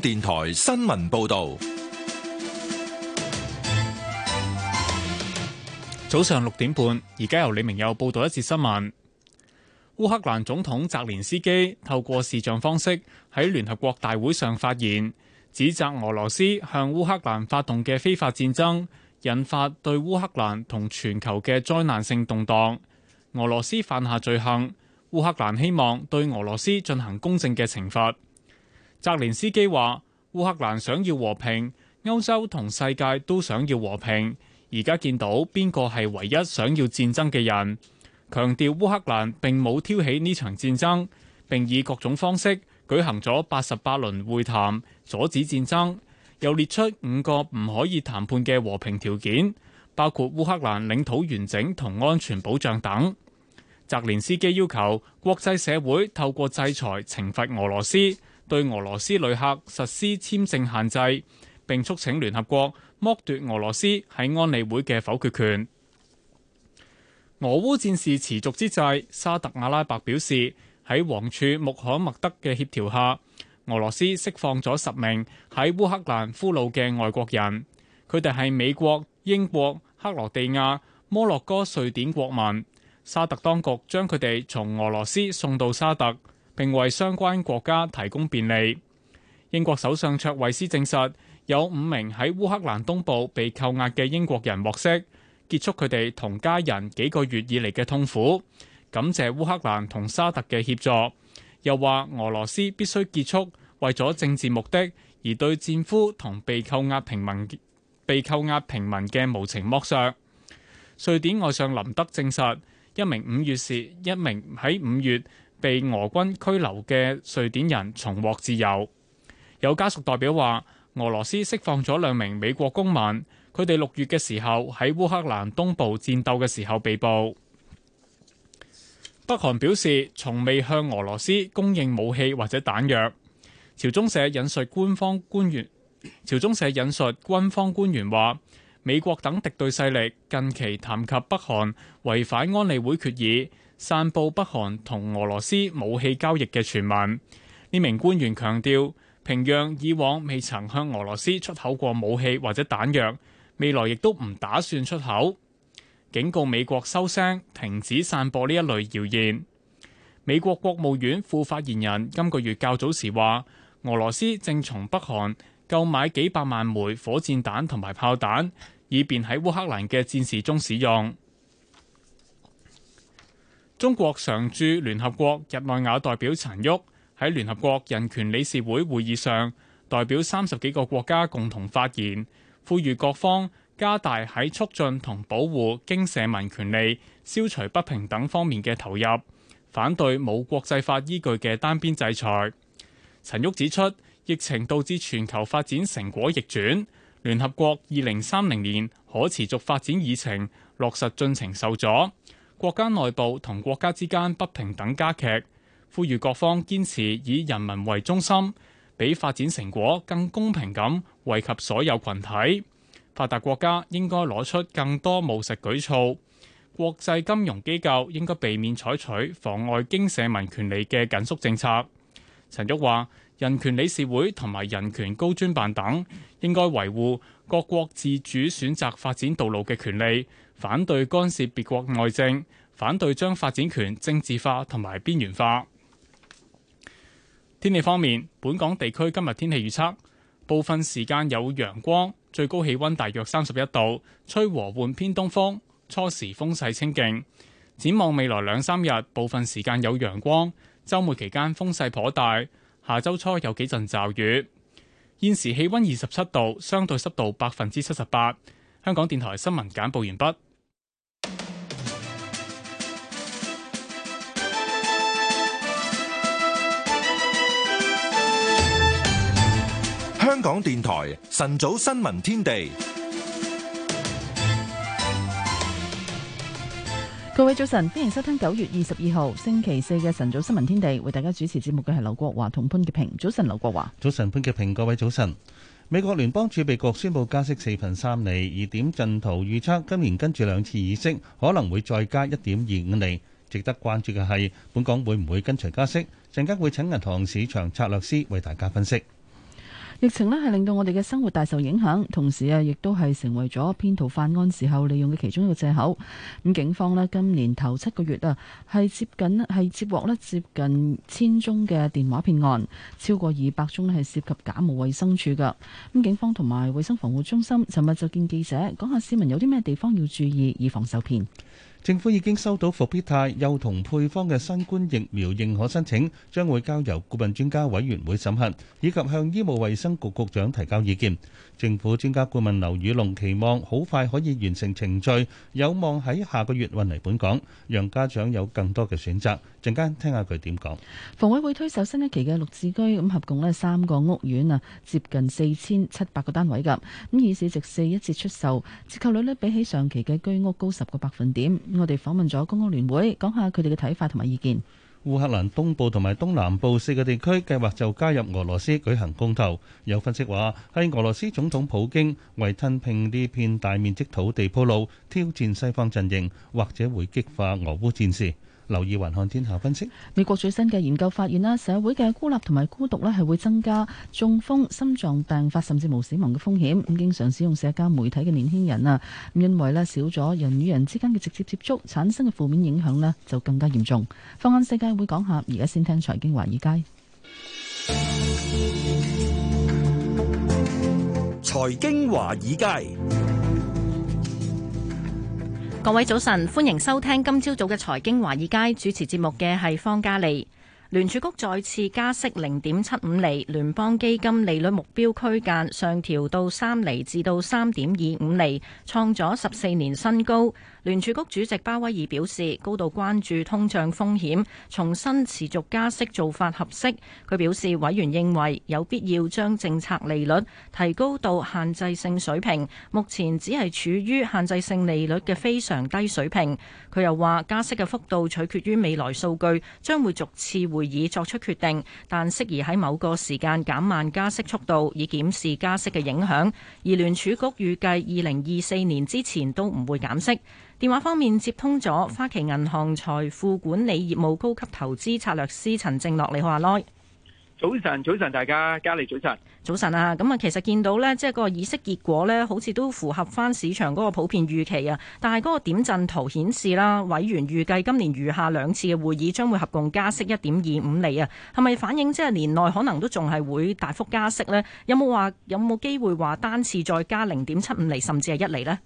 電台新聞報道：早上六點半，而家由李明佑報道一節新聞。烏克蘭總統澤連斯基透過視像方式喺聯合國大會上發言，指責俄羅斯向烏克蘭發動嘅非法戰爭，引發對烏克蘭同全球嘅災難性動盪。俄羅斯犯下罪行，烏克蘭希望對俄羅斯進行公正嘅懲罰。澤連斯基話：烏克蘭想要和平，歐洲同世界都想要和平。而家見到邊個係唯一想要戰爭嘅人？強調烏克蘭並冇挑起呢場戰爭，並以各種方式舉行咗八十八輪會談，阻止戰爭。又列出五個唔可以談判嘅和平條件，包括烏克蘭領土完整同安全保障等。澤連斯基要求國際社會透過制裁懲罰俄羅斯。對俄羅斯旅客實施簽證限制，並促請聯合國剝奪俄羅斯喺安理會嘅否決權。俄烏戰事持續之際，沙特阿拉伯表示，喺王儲穆罕默德嘅協調下，俄羅斯釋放咗十名喺烏克蘭俘虜嘅外國人。佢哋係美國、英國、克羅地亞、摩洛哥、瑞典國民。沙特當局將佢哋從俄羅斯送到沙特。並為相關國家提供便利。英國首相卓慧思證實，有五名喺烏克蘭東部被扣押嘅英國人獲釋，結束佢哋同家人幾個月以嚟嘅痛苦，感謝烏克蘭同沙特嘅協助。又話俄羅斯必須結束為咗政治目的而對戰俘同被扣押平民被扣押平民嘅無情剝削。瑞典外相林德證實，一名五月時，一名喺五月。被俄軍拘留嘅瑞典人重獲自由。有家屬代表話俄羅斯釋放咗兩名美國公民，佢哋六月嘅時候喺烏克蘭東部戰鬥嘅時候被捕。北韓表示從未向俄羅斯供應武器或者彈藥，朝中社引述官方官員朝中社引述軍方官員話美國等敵對勢力近期談及北韓違反安理會決議，散布北韓同俄羅斯武器交易嘅傳聞，呢名官員強調，平壤以往未曾向俄羅斯出口過武器或者彈藥，未來亦都唔打算出口，警告美國收聲，停止散播呢一類謠言。美國國務院副發言人今個月較早時話，俄羅斯正從北韓購買幾百萬枚火箭彈同埋炮彈，以便喺烏克蘭嘅戰事中使用。中國常駐聯合國日內瓦代表陳旭喺聯合國人權理事會會議上，代表三十幾個國家共同發言，呼籲各方加大喺促進同保護經社民權利、消除不平等方面嘅投入，反對冇國際法依據嘅單邊制裁。陳旭指出，疫情導致全球發展成果逆轉，聯合國二零三零年可持續發展議程落實進程受阻。國家內部同國家之間不平等加劇，呼籲各方堅持以人民為中心，比發展成果更公平咁惠及所有群體。發達國家應該攞出更多務實舉措，國際金融機構應該避免採取妨礙經社民權利嘅緊縮政策。陳旭話，人權理事會同埋人權高專辦等應該維護各國自主選擇發展道路嘅權利。反對干涉別國內政，反對將發展權政治化同埋邊緣化。天氣方面，本港地區今日天氣預測部分時間有陽光，最高氣温大約三十一度，吹和緩偏東風，初時風勢清勁。展望未來兩三日，部分時間有陽光，週末期間風勢頗大，下周初有幾陣驟雨。現時氣溫二十七度，相對濕度百分之七十八。香港電台新聞簡報完畢。香港電台晨早新聞天地，各位早晨，歡迎收聽九月二十二號星期四嘅晨早新聞天地。為大家主持節目嘅係劉國華同潘潔平。早晨，劉國華。早晨，潘潔平。各位早晨。美國聯邦儲備局宣佈加息四分三厘，二點陣圖預測今年跟住兩次議息可能會再加一點二五厘。值得關注嘅係，本港會唔會跟隨加息？陣間會請銀行市場策略師為大家分析。疫情呢係令到我哋嘅生活大受影響，同時啊，亦都係成為咗騙徒犯案時候利用嘅其中一個藉口。咁警方呢今年頭七個月啊，係接近係接獲呢接近千宗嘅電話騙案，超過二百宗呢係涉及假冒衛生署㗎。咁警方同埋衞生防護中心尋日就見記者講下市民有啲咩地方要注意，以防受騙。政府已經收到復必泰幼童配方嘅新冠疫苗認可申請，將會交由顧問專家委員會審核，以及向醫務衛生局局長提交意見。政府專家顧問劉宇龍期望好快可以完成程序，有望喺下個月運嚟本港，讓家長有更多嘅選擇。陣間聽下佢點講。房委會推售新一期嘅綠置居，咁合共呢三個屋苑啊，接近四千七百個單位㗎。咁以市值四一折出售，折扣率呢比起上期嘅居屋高十個百分點。我哋訪問咗公屋聯會，講下佢哋嘅睇法同埋意見。烏克蘭東部同埋東南部四個地區計劃就加入俄羅斯舉行公投。有分析話，喺俄羅斯總統普京為吞併呢片大面積土地鋪路，挑戰西方陣營，或者會激化俄烏戰事。留意環看天下分析，美國最新嘅研究發現啦，社會嘅孤立同埋孤獨咧，係會增加中風、心臟病發甚至無死亡嘅風險。咁經常使用社交媒體嘅年輕人啊，咁因為少咗人與人之間嘅直接接觸，產生嘅負面影響咧就更加嚴重。放眼世界會講下，而家先聽財經華爾街。財經華爾街。各位早晨，歡迎收聽今朝早嘅財經華爾街，主持節目嘅係方嘉利。聯儲局再次加息零點七五厘，聯邦基金利率目標區間上調到三厘至到三點二五厘，創咗十四年新高。聯儲局主席鮑威爾表示，高度關注通脹風險，重新持續加息做法合適。佢表示，委員認為有必要將政策利率提高到限制性水平，目前只係處於限制性利率嘅非常低水平。佢又話，加息嘅幅度取決於未來數據，將會逐次會議作出決定，但適宜喺某個時間減慢加息速度，以檢視加息嘅影響。而聯儲局預計二零二四年之前都唔會減息。電話方面接通咗花旗銀行財富管理業務高級投資策略師陳正樂，你好啊，耐早晨，早晨，大家加你早晨，早晨啊！咁啊，其實見到呢，即係個議息結果呢，好似都符合翻市場嗰個普遍預期啊。但係嗰個點陣圖顯示啦，委員預計今年餘下兩次嘅會議將會合共加息一點二五厘啊。係咪反映即係年內可能都仲係會大幅加息呢？有冇話有冇機會話單次再加零點七五厘，甚至係一厘呢？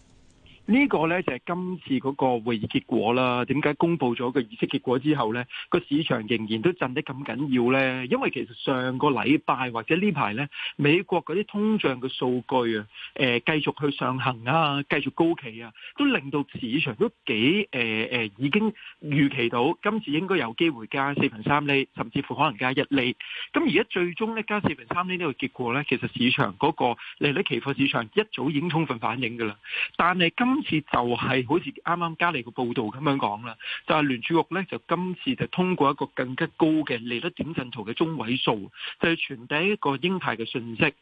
呢個咧就係今次嗰個會議結果啦。點解公佈咗個議息結果之後咧，個市場仍然都震得咁緊要咧？因為其實上個禮拜或者呢排咧，美國嗰啲通脹嘅數據啊，誒繼續去上行啊，繼續高企啊，都令到市場都幾誒誒，已經預期到今次應該有機會加四分三厘，甚至乎可能加一厘。咁而家最終咧加四分三厘呢個結果咧，其實市場嗰個利率期貨市場一早已經充分反應㗎啦。但係今今次就係好似啱啱加嚟個報道咁樣講啦，就係聯儲局呢，就今次就通過一個更加高嘅利率點陣圖嘅中位數，就係傳遞一個鷹派嘅信息。咁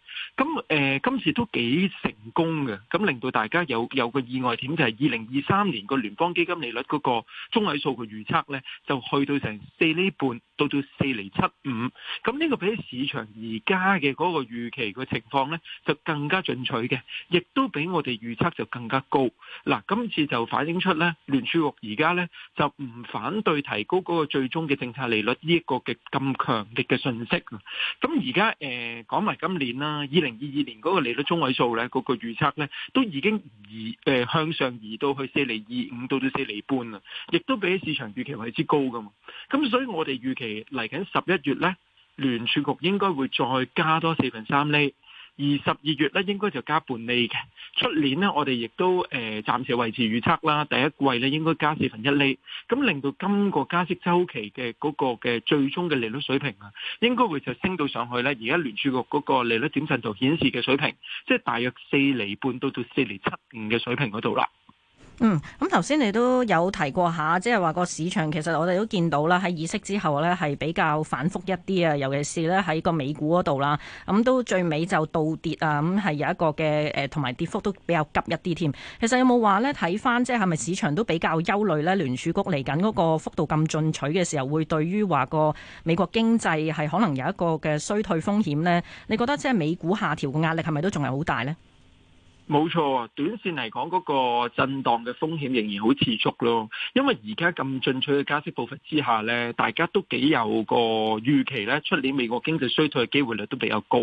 誒、呃，今次都幾成功嘅，咁令到大家有有個意外點就係二零二三年個聯邦基金利率嗰個中位數嘅預測呢，就去到成四厘半。到到四厘七五，咁呢個比起市場而家嘅嗰個預期個情況呢，就更加進取嘅，亦都比我哋預測就更加高。嗱、啊，今次就反映出呢，聯儲局而家呢，就唔反對提高嗰個最終嘅政策利率呢一個嘅咁強烈嘅信息。咁而家誒講埋今年啦，二零二二年嗰個利率中位數呢，嗰、嗰個預測呢，都已經移誒、呃、向上移到去四厘二五到到四厘半喇，亦都比起市場預期為之高噶嘛。咁所以我哋預期。嚟緊十一月呢，聯儲局應該會再加多四分三厘，而十二月呢，應該就加半厘嘅。出年呢，我哋亦都誒暫時維持預測啦，第一季呢應該加四分一厘，咁令到今個加息周期嘅嗰個嘅最終嘅利率水平啊，應該會就升到上去呢。而家聯儲局嗰個利率點陣圖顯示嘅水平，即係大約四厘半到到四厘七五嘅水平嗰度啦。嗯，咁頭先你都有提過下，即係話個市場其實我哋都見到啦，喺議息之後呢係比較反覆一啲啊，尤其是呢喺個美股嗰度啦，咁都最尾就倒跌啊，咁係有一個嘅誒，同埋跌幅都比較急一啲添。其實有冇話呢？睇翻即係係咪市場都比較憂慮呢？聯儲局嚟緊嗰個幅度咁進取嘅時候，會對於話個美國經濟係可能有一個嘅衰退風險呢？你覺得即係美股下調嘅壓力係咪都仲係好大呢？冇錯，短線嚟講嗰個震盪嘅風險仍然好持續咯。因為而家咁進取嘅加息步伐之下咧，大家都幾有個預期咧，出年美國經濟衰退嘅機會率都比較高。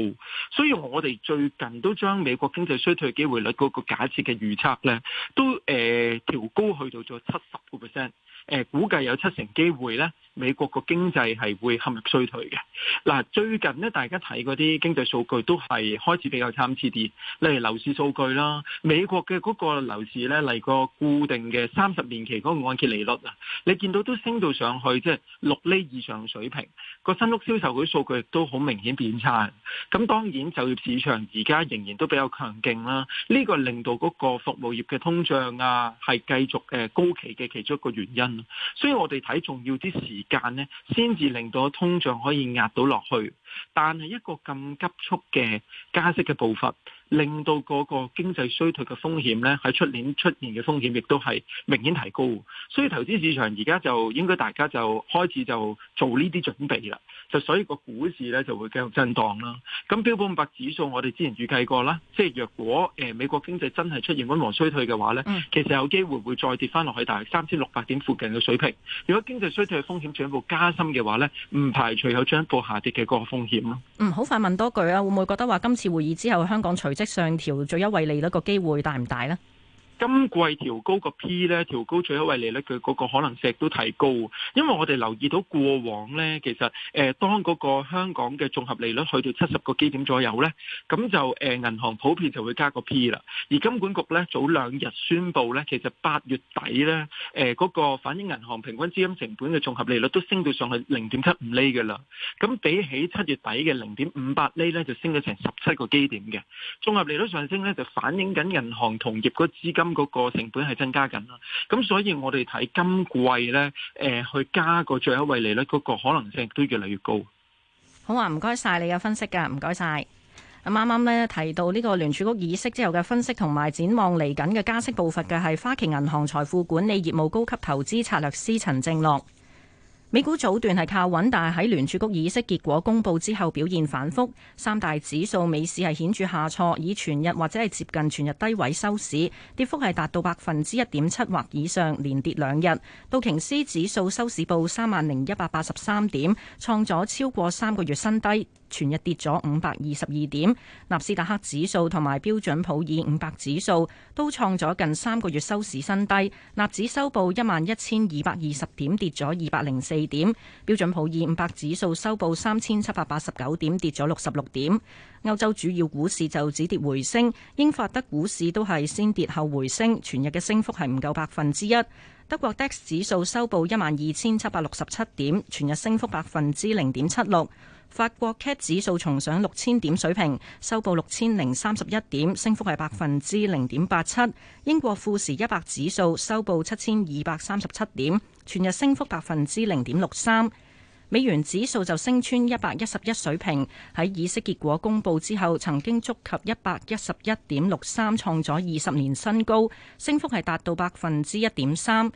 所以我哋最近都將美國經濟衰退嘅機會率嗰個假設嘅預測咧，都誒調高去到咗七十個 percent。誒、呃，估計有七成機會咧。美國個經濟係會陷入衰退嘅。嗱，最近呢，大家睇嗰啲經濟數據都係開始比較參差啲。例如樓市數據啦，美國嘅嗰個樓市呢，嚟個固定嘅三十年期嗰個按揭利率啊，你見到都升到上去，即係六厘以上水平。個新屋銷售嗰啲數據都好明顯變差。咁當然就業市場而家仍然都比較強勁啦。呢個令到嗰個服務業嘅通脹啊，係繼續誒高企嘅其中一個原因。所以我哋睇重要啲時間咧，先至令到通脹可以壓到落去。但係一個咁急速嘅加息嘅步伐。令到嗰個經濟衰退嘅風險呢，喺出年出現嘅風險亦都係明顯提高。所以投資市場而家就應該大家就開始就做呢啲準備啦。就所以個股市呢就會繼續震盪啦。咁標普五百指數我哋之前預計過啦，即係若果誒、呃、美國經濟真係出現溫和衰退嘅話呢，其實有機會會再跌翻落去大約三千六百點附近嘅水平。如果經濟衰退嘅風險進一步加深嘅話呢，唔排除有進一步下跌嘅嗰個風險咯。嗯，好快問多句啊，會唔會覺得話今次會議之後香港取。即上調最優惠利率個機會大唔大咧？今季調高個 P 咧，調高最優惠利率佢嗰個可能性都提高，因為我哋留意到過往咧，其實誒當嗰個香港嘅綜合利率去到七十個基點左右咧，咁就誒銀行普遍就會加個 P 啦。而金管局咧早兩日宣布咧，其實八月底咧誒嗰個反映銀行平均資金成本嘅綜合利率都升到上去零點七五厘㗎啦。咁比起七月底嘅零點五八厘咧，就升咗成十七個基點嘅綜合利率上升咧，就反映緊銀行同業嗰資金。嗰個成本係增加緊啦，咁所以我哋睇今季咧，誒去加個最優惠利率嗰個可能性都越嚟越高。好啊，唔該曬你嘅分析㗎，唔該曬。咁啱啱咧提到呢個聯儲局議息之後嘅分析同埋展望嚟緊嘅加息步伐嘅係花旗銀行財富管理業務高級投資策略師陳正樂。美股早段係靠穩，但係喺聯儲局議息結果公布之後，表現反覆。三大指數美市係顯著下挫，以全日或者係接近全日低位收市，跌幅係達到百分之一點七或以上，連跌兩日。道瓊斯指數收市報三萬零一百八十三點，創咗超過三個月新低。全日跌咗五百二十二點，納斯達克指數同埋標準普爾五百指數都創咗近三個月收市新低。納指收報一萬一千二百二十點，跌咗二百零四點；標準普爾五百指數收報三千七百八十九點，跌咗六十六點。歐洲主要股市就止跌回升，英法德股市都係先跌後回升，全日嘅升幅係唔夠百分之一。德國 DAX 指數收報一萬二千七百六十七點，全日升幅百分之零點七六。法國 CAC 指數重上六千點水平，收報六千零三十一點，升幅係百分之零點八七。英國富時一百指數收報七千二百三十七點，全日升幅百分之零點六三。美元指數就升穿一百一十一水平，喺議息結果公布之後，曾經觸及一百一十一點六三，創咗二十年新高，升幅係達到百分之一點三。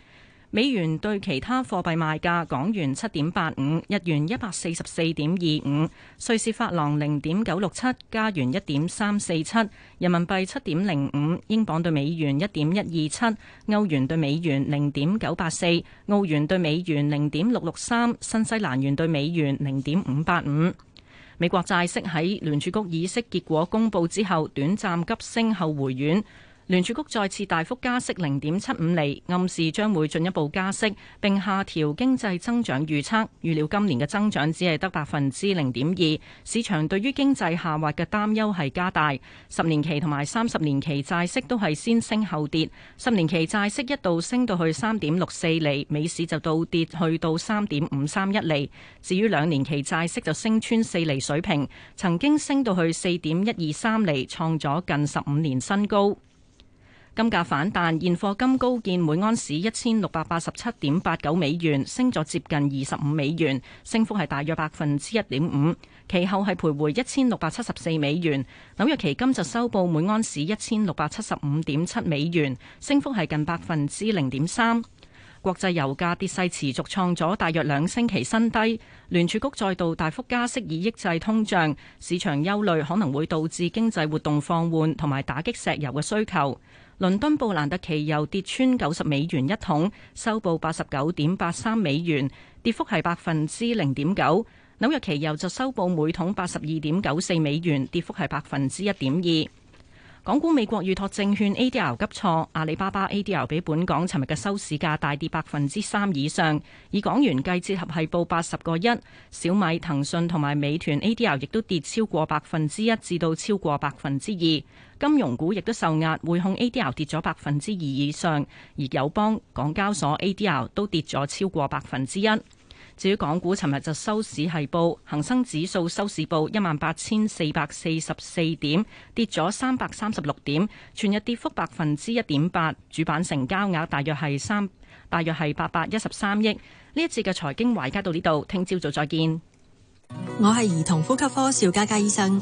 美元對其他貨幣賣價：港元七點八五，日元一百四十四點二五，瑞士法郎零點九六七，加元一點三四七，人民幣七點零五，英鎊對美元一點一二七，歐元對美元零點九八四，澳元對美元零點六六三，新西蘭元對美元零點五八五。美國債息喺聯儲局議息結果公佈之後，短暫急升後回軟。聯儲局再次大幅加息零點七五厘，暗示將會進一步加息，並下調經濟增長預測，預料今年嘅增長只係得百分之零點二。市場對於經濟下滑嘅擔憂係加大，十年期同埋三十年期債息都係先升後跌。十年期債息一度升到去三點六四厘，美市就倒跌去到三點五三一厘。至於兩年期債息就升穿四厘水平，曾經升到去四點一二三厘，創咗近十五年新高。金價反彈，現貨金高見每安士一千六百八十七點八九美元，升咗接近二十五美元，升幅係大約百分之一點五。其後係徘徊一千六百七十四美元，紐約期金就收報每安士一千六百七十五點七美元，升幅係近百分之零點三。國際油價跌勢持續，創咗大約兩星期新低。聯儲局再度大幅加息以抑制通脹，市場憂慮可能會導致經濟活動放緩同埋打擊石油嘅需求。倫敦布蘭特期油跌穿九十美元一桶，收報八十九點八三美元，跌幅係百分之零點九。紐約期油就收報每桶八十二點九四美元，跌幅係百分之一點二。港股美國預託證券 ADR 急挫，阿里巴巴 ADR 比本港尋日嘅收市價大跌百分之三以上，以港元計，折合係報八十個一。小米、騰訊同埋美團 ADR 亦都跌超過百分之一，至到超過百分之二。金融股亦都受壓，匯控 ADR 跌咗百分之二以上，而友邦、港交所 ADR 都跌咗超過百分之一。至於港股，尋日就收市係報，恒生指數收市報一萬八千四百四十四點，跌咗三百三十六點，全日跌幅百分之一點八。主板成交額大約係三，大約係八百一十三億。呢一節嘅財經懷家到呢度，聽朝早再見。我係兒童呼吸科邵嘉嘉醫生。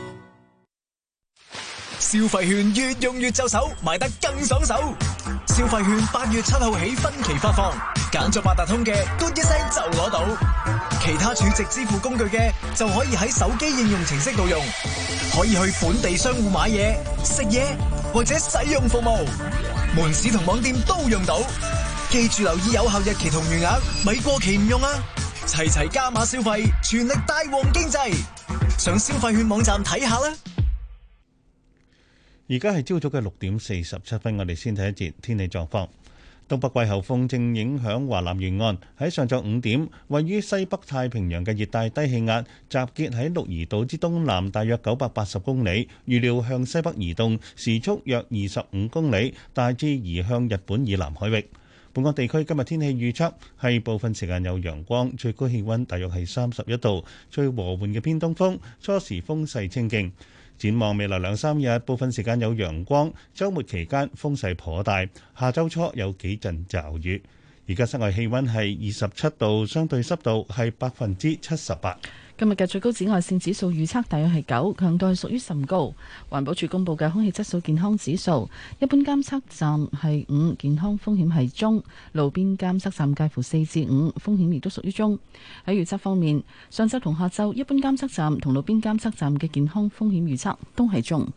消費券越用越就手，買得更爽手。消費券八月七號起分期發放，揀咗八達通嘅，嘟一聲就攞到；其他儲值支付工具嘅，就可以喺手機應用程式度用。可以去本地商戶買嘢、食嘢或者使用服務，門市同網店都用到。記住留意有效日期同餘額，咪過期唔用啊！齊齊加碼消費，全力帶旺經濟，上消費券網站睇下啦。而家係朝早嘅六點四十七分，我哋先睇一節天氣狀況。東北季候風正影響華南沿岸。喺上晝五點，位於西北太平洋嘅熱帶低氣壓集結喺鹿兒島之東南，大約九百八十公里，預料向西北移動，時速約二十五公里，大致移向日本以南海域。本港地區今日天氣預測係部分時間有陽光，最高氣溫大約係三十一度，最和緩嘅偏東風，初時風勢清勁。展望未來兩三日，部分時間有陽光。週末期間風勢頗大，下周初有幾陣驟雨。而家室外氣溫係二十七度，相對濕度係百分之七十八。今日嘅最高紫外線指數預測大約係九，強度係屬於甚高。環保署公布嘅空氣質素健康指數，一般監測站係五，健康風險係中；路邊監測站介乎四至五，風險亦都屬於中。喺預測方面，上周同下周一般監測站同路邊監測站嘅健康風險預測都係中。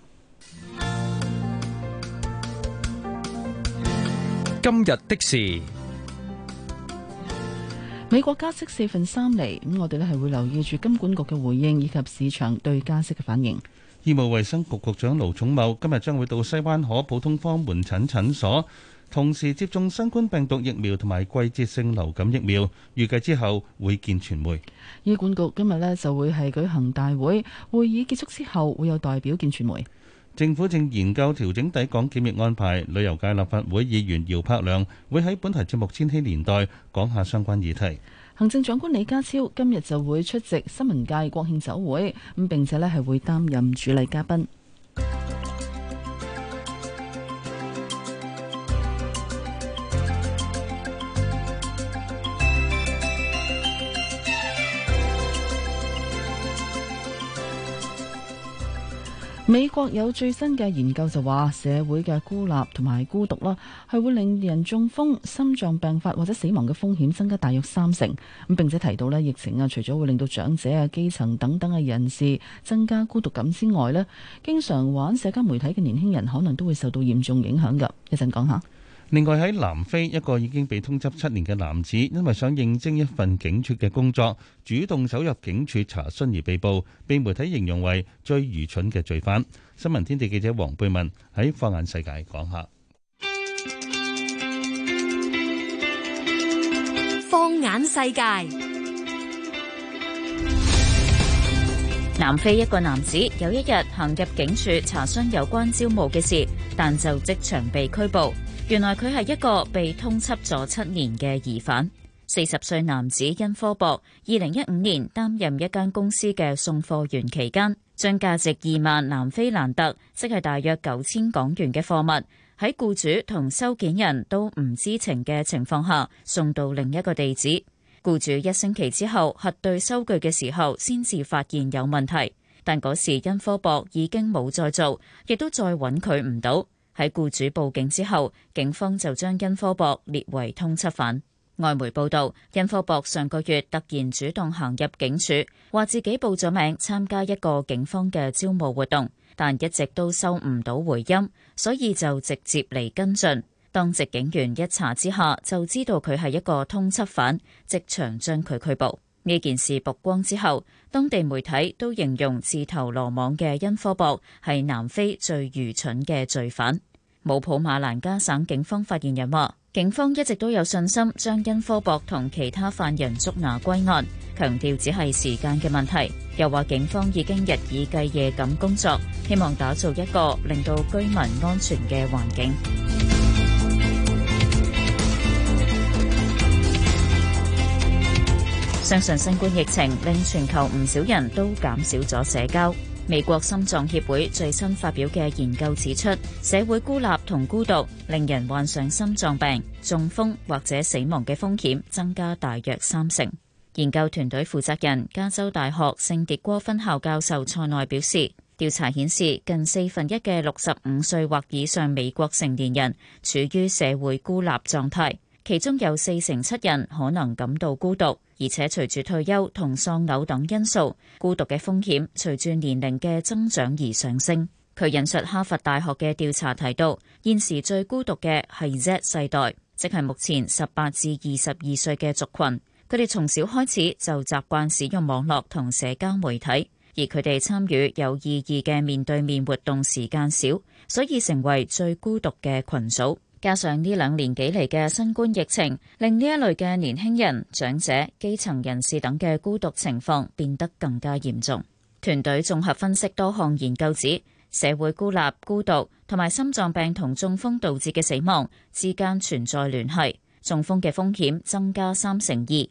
今日的事。美國加息四分三厘，咁我哋呢係會留意住金管局嘅回應以及市場對加息嘅反應。醫務衛生局局長盧寵茂今日將會到西灣河普通科門診診所，同時接種新冠病毒疫苗同埋季節性流感疫苗，預計之後會見傳媒。醫管局今日呢就會係舉行大會，會議結束之後會有代表見傳媒。政府正研究調整抵港檢疫安排。旅遊界立法會議員姚柏良會喺本台節目《千禧年代》講下相關議題。行政長官李家超今日就會出席新聞界國慶酒會，咁並且呢係會擔任主禮嘉賓。美國有最新嘅研究就話，社會嘅孤立同埋孤獨啦，係會令人中風、心臟病發或者死亡嘅風險增加大約三成。咁並且提到呢，疫情啊，除咗會令到長者啊、基層等等嘅人士增加孤獨感之外呢，經常玩社交媒體嘅年輕人可能都會受到嚴重影響噶。一陣講下。另外，喺南非，一個已經被通緝七年嘅男子，因為想應徵一份警署嘅工作，主動走入警署查詢而被捕，被媒體形容為最愚蠢嘅罪犯。新聞天地記者黃貝文喺《放眼世界》講下。放眼世界，南非一個男子有一日行入警署查詢有關招募嘅事，但就即場被拘捕。原來佢係一個被通緝咗七年嘅疑犯。四十歲男子因科博，二零一五年擔任一間公司嘅送貨員期間，將價值二萬南非蘭特，即係大約九千港元嘅貨物，喺僱主同收件人都唔知情嘅情況下送到另一個地址。僱主一星期之後核對收據嘅時候，先至發現有問題。但嗰時因科博已經冇再做，亦都再搵佢唔到。喺僱主報警之後，警方就將因科博列為通緝犯。外媒報道，因科博上個月突然主動行入警署，話自己報咗名參加一個警方嘅招募活動，但一直都收唔到回音，所以就直接嚟跟進。當值警員一查之下，就知道佢係一個通緝犯，即場將佢拘捕。呢件事曝光之後，當地媒體都形容自投羅網嘅恩科博係南非最愚蠢嘅罪犯。姆普馬蘭加省警方發言人話，警方一直都有信心將恩科博同其他犯人捉拿歸案，強調只係時間嘅問題。又話警方已經日以繼夜咁工作，希望打造一個令到居民安全嘅環境。相信新冠疫情令全球唔少人都減少咗社交。美國心臟協會最新發表嘅研究指出，社會孤立同孤獨令人患上心臟病、中風或者死亡嘅風險增加大約三成。研究團隊負責人加州大學聖迭戈分校教授蔡內表示，調查顯示近四分一嘅六十五歲或以上美國成年人處於社會孤立狀態，其中有四成七人可能感到孤獨。而且隨住退休同喪偶等因素，孤獨嘅風險隨住年齡嘅增長而上升。佢引述哈佛大學嘅調查提到，現時最孤獨嘅係 Z 世代，即係目前十八至二十二歲嘅族群。佢哋從小開始就習慣使用網絡同社交媒體，而佢哋參與有意義嘅面對面活動時間少，所以成為最孤獨嘅群組。加上呢兩年幾嚟嘅新冠疫情，令呢一類嘅年輕人、長者、基層人士等嘅孤獨情況變得更加嚴重。團隊綜合分析多項研究指，指社會孤立、孤獨同埋心臟病同中風導致嘅死亡之間存在聯繫，中風嘅風險增加三成二，心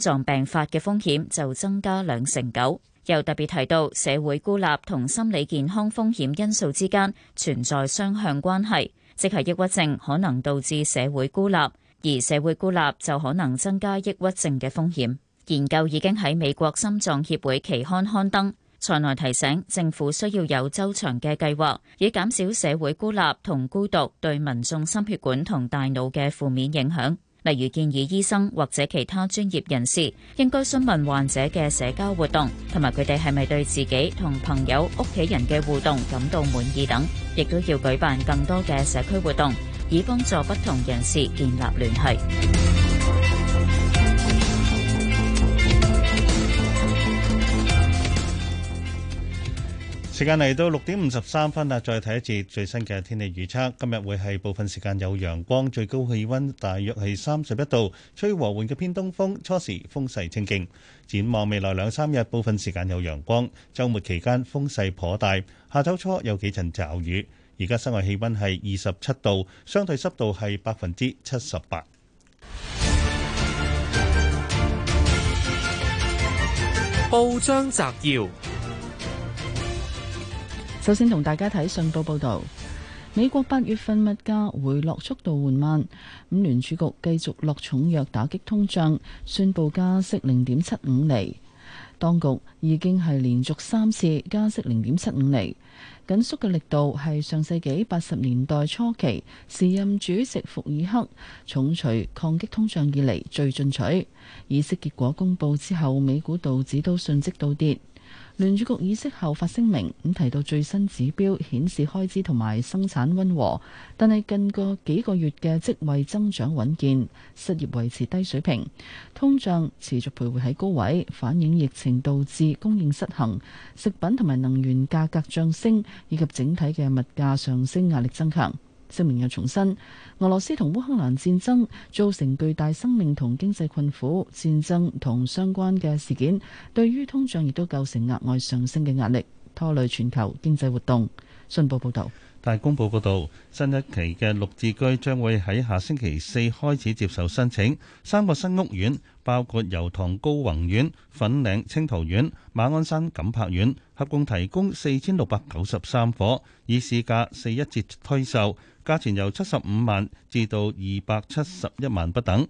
臟病發嘅風險就增加兩成九。又特別提到社會孤立同心理健康風險因素之間存在雙向關係。即係抑鬱症可能導致社會孤立，而社會孤立就可能增加抑鬱症嘅風險。研究已經喺美國心臟協會期刊刊登。蔡內提醒政府需要有周長嘅計劃，以減少社會孤立同孤獨對民眾心血管同大腦嘅負面影響。例如建議醫生或者其他專業人士應該詢問患者嘅社交活動，同埋佢哋係咪對自己同朋友、屋企人嘅互動感到滿意等，亦都要舉辦更多嘅社區活動，以幫助不同人士建立聯繫。時間嚟到六點五十三分啦，再睇一節最新嘅天氣預測。今日會係部分時間有陽光，最高氣温大約係三十一度，吹和緩嘅偏東風，初時風勢清勁。展望未來兩三日，部分時間有陽光，周末期間風勢頗大，下周初有幾陣驟雨。而家室外氣温係二十七度，相對濕度係百分之七十八。報章摘要。首先同大家睇信報報道，美國八月份物價回落速度緩慢，五聯儲局繼續落重藥打擊通脹，宣佈加息零點七五厘。當局已經係連續三次加息零點七五厘，緊縮嘅力度係上世紀八十年代初期時任主席福爾克重錘抗擊通脹以嚟最進取。議息結果公佈之後，美股道指都瞬即倒跌。聯儲局議息後發聲明，咁提到最新指標顯示開支同埋生產溫和，但係近個幾個月嘅職位增長穩健，失業維持低水平，通脹持續徘徊喺高位，反映疫情導致供應失衡，食品同埋能源價格上升以及整體嘅物價上升壓力增強。聲明又重申，俄羅斯同烏克蘭戰爭造成巨大生命同經濟困苦，戰爭同相關嘅事件對於通脹亦都構成額外上升嘅壓力，拖累全球經濟活動。信報報道，大公報報道，新一期嘅綠置居將會喺下星期四開始接受申請，三個新屋苑包括油塘高宏苑、粉嶺清濤苑、馬鞍山錦柏苑，合共提供四千六百九十三伙，以市價四一折推售。價錢由七十五萬至到二百七十一萬不等，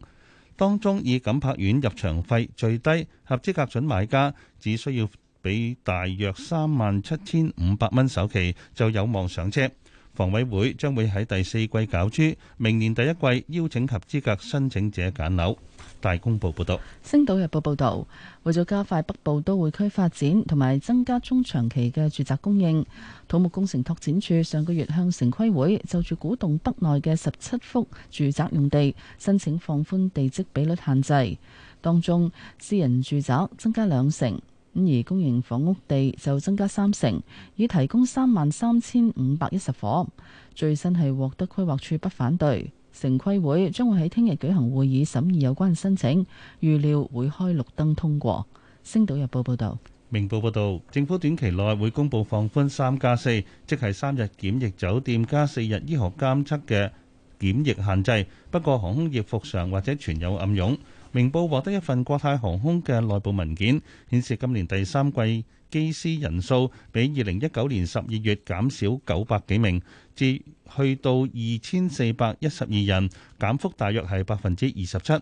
當中以錦柏苑入場費最低，合資格準買家只需要俾大約三萬七千五百蚊首期就有望上車。房委會將會喺第四季攪珠，明年第一季邀請合資格申請者揀樓。大公報報道，《星島日報》報道，為咗加快北部都會區發展，同埋增加中長期嘅住宅供應，土木工程拓展處上個月向城規會就住古洞北內嘅十七幅住宅用地申請放寬地積比率限制，當中私人住宅增加兩成，咁而公營房屋地就增加三成，已提供三萬三千五百一十伙。最新係獲得規劃處不反對。城規會將會喺聽日舉行會議審議有關申請，預料會開綠燈通過。星島日報報道，明報報道，政府短期內會公布放寬三加四，即係三日檢疫酒店加四日醫學監測嘅檢疫限制。不過，航空業復常或者存有暗湧。明報獲得一份國泰航空嘅內部文件，顯示今年第三季，機師人數比二零一九年十二月減少九百幾名，至去到二千四百一十二人，減幅大約係百分之二十七。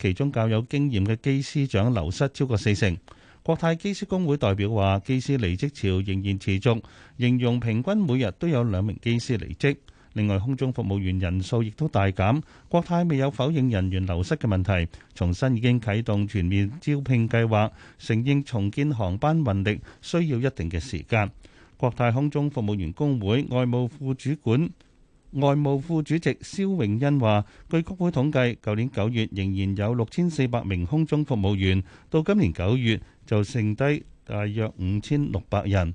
其中較有經驗嘅機師長流失超過四成。國泰機師工會代表話，機師離職潮仍然持續，形容平均每日都有兩名機師離職。另外，空中服務員人數亦都大減。國泰未有否認人員流失嘅問題，重新已經啟動全面招聘計劃，承認重建航班運力需要一定嘅時間。國泰空中服務員工會外務副主管、外務副主席蕭穎欣話，據工會統計，舊年九月仍然有六千四百名空中服務員，到今年九月就剩低大約五千六百人。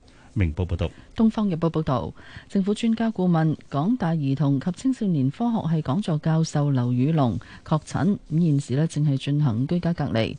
明報報道，東方日報報道，政府專家顧問、港大兒童及青少年科學系講座教授劉宇隆確診，咁現時咧正係進行居家隔離。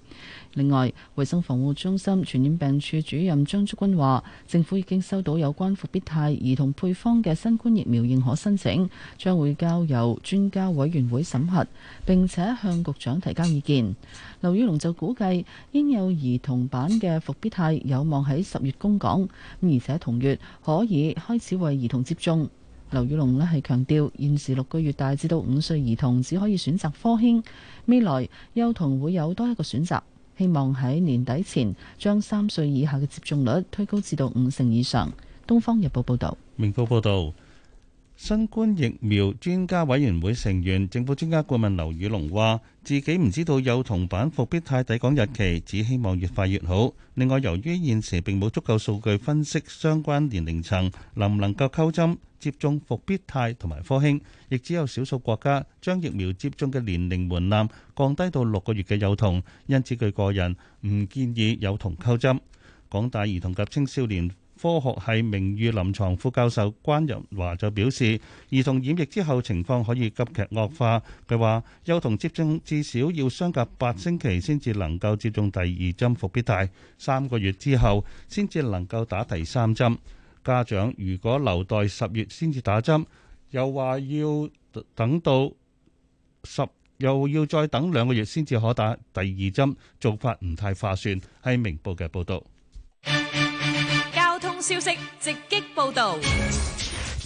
另外，衛生防護中心傳染病處主任張竹君話，政府已經收到有關復必泰兒童配方嘅新冠疫苗認可申請，將會交由專家委員會審核，並且向局長提交意見。劉宇龍就估計，嬰幼兒童版嘅復必泰有望喺十月供港，而且同月可以開始為兒童接種。劉宇龍咧係強調，現時六個月大至到五歲兒童只可以選擇科興，未來幼童會有多一個選擇。希望喺年底前將三歲以下嘅接種率推高至到五成以上。東方日報報道。明報報道。新冠疫苗專家委員會成員、政府專家顧問劉宇龍話自己唔知道幼童版復必泰抵港日期，只希望越快越好。另外，由於現時並冇足夠數據分析相關年齡層，能唔能夠溝針接種復必泰同埋科興，亦只有少數國家將疫苗接種嘅年齡門檻降低到六個月嘅幼童，因此佢個人唔建議幼童溝針。港大兒童及青少年科學系名譽臨床副教授關仁華就表示，兒童染疫之後情況可以急劇惡化。佢話：幼童接種至少要相隔八星期先至能夠接種第二針，復必泰三個月之後先至能夠打第三針。家長如果留待十月先至打針，又話要等到十，又要再等兩個月先至可打第二針，做法唔太划算。係明報嘅報導。消息直擊報導。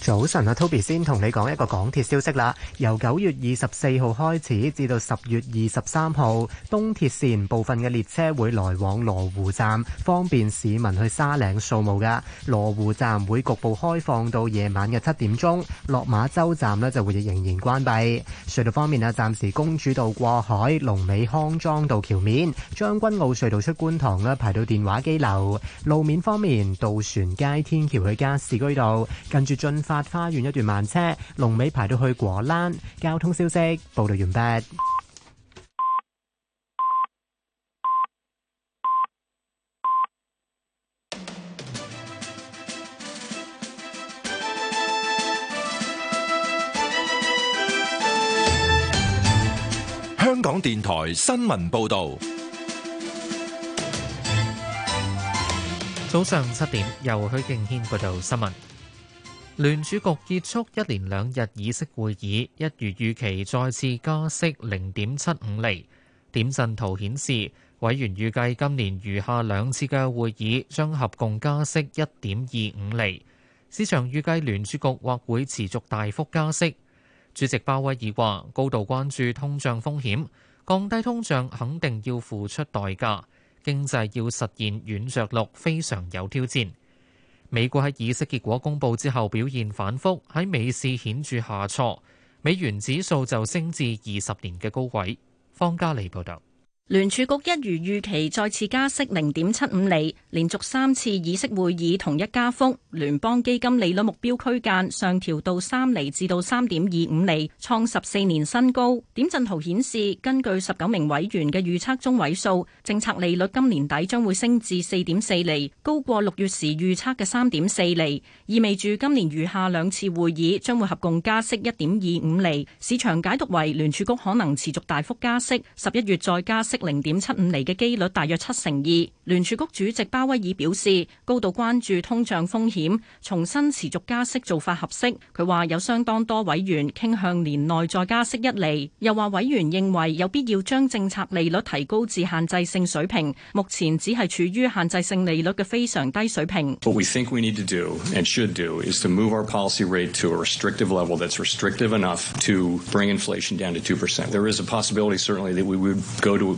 早晨啊，Toby 先同你講一個港鐵消息啦。由九月二十四號開始至到十月二十三號，東鐵綫部分嘅列車會來往羅湖站，方便市民去沙嶺掃墓噶。羅湖站會局部開放到夜晚嘅七點鐘，落馬洲站咧就會仍然關閉。隧道方面啊，暫時公主道過海、龍尾康莊道橋面、將軍澳隧道出觀塘啦，排到電話機樓。路面方面，渡船街天橋去加士居道，跟住進化。八花園一段慢車，龍尾排到去果欄。交通消息報道完畢。香港電台新聞報道，早上七點由許敬軒報道新聞。聯儲局結束一連兩日議息會議，一如預期再次加息零點七五厘。點陣圖顯示，委員預計今年餘下兩次嘅會議將合共加息一點二五厘。市場預計聯儲局或會持續大幅加息。主席鮑威爾話：高度關注通脹風險，降低通脹肯定要付出代價，經濟要實現軟着陸，非常有挑戰。美國喺議息結果公佈之後表現反覆，喺美市顯著下挫，美元指數就升至二十年嘅高位。方家利報道。聯儲局一如預期再次加息零點七五厘，連續三次議息會議同一加幅，聯邦基金利率目標區間上調到三厘至到三點二五厘，創十四年新高。點陣圖顯示，根據十九名委員嘅預測中位數，政策利率今年底將會升至四點四厘，高過六月時預測嘅三點四厘，意味住今年餘下兩次會議將會合共加息一點二五厘。市場解讀為聯儲局可能持續大幅加息，十一月再加息。零點七五厘嘅機率大約七成二。聯儲局主席鮑威爾表示，高度關注通脹風險，重新持續加息做法合適。佢話有相當多委員傾向年內再加息一厘，又話委員認為有必要將政策利率提高至限制性水平，目前只係處於限制性利率嘅非常低水平。What we think we need to do and should do is to move our policy rate to a restrictive level that's restrictive enough to bring inflation down to 2%. There is a possibility certainly that we would go to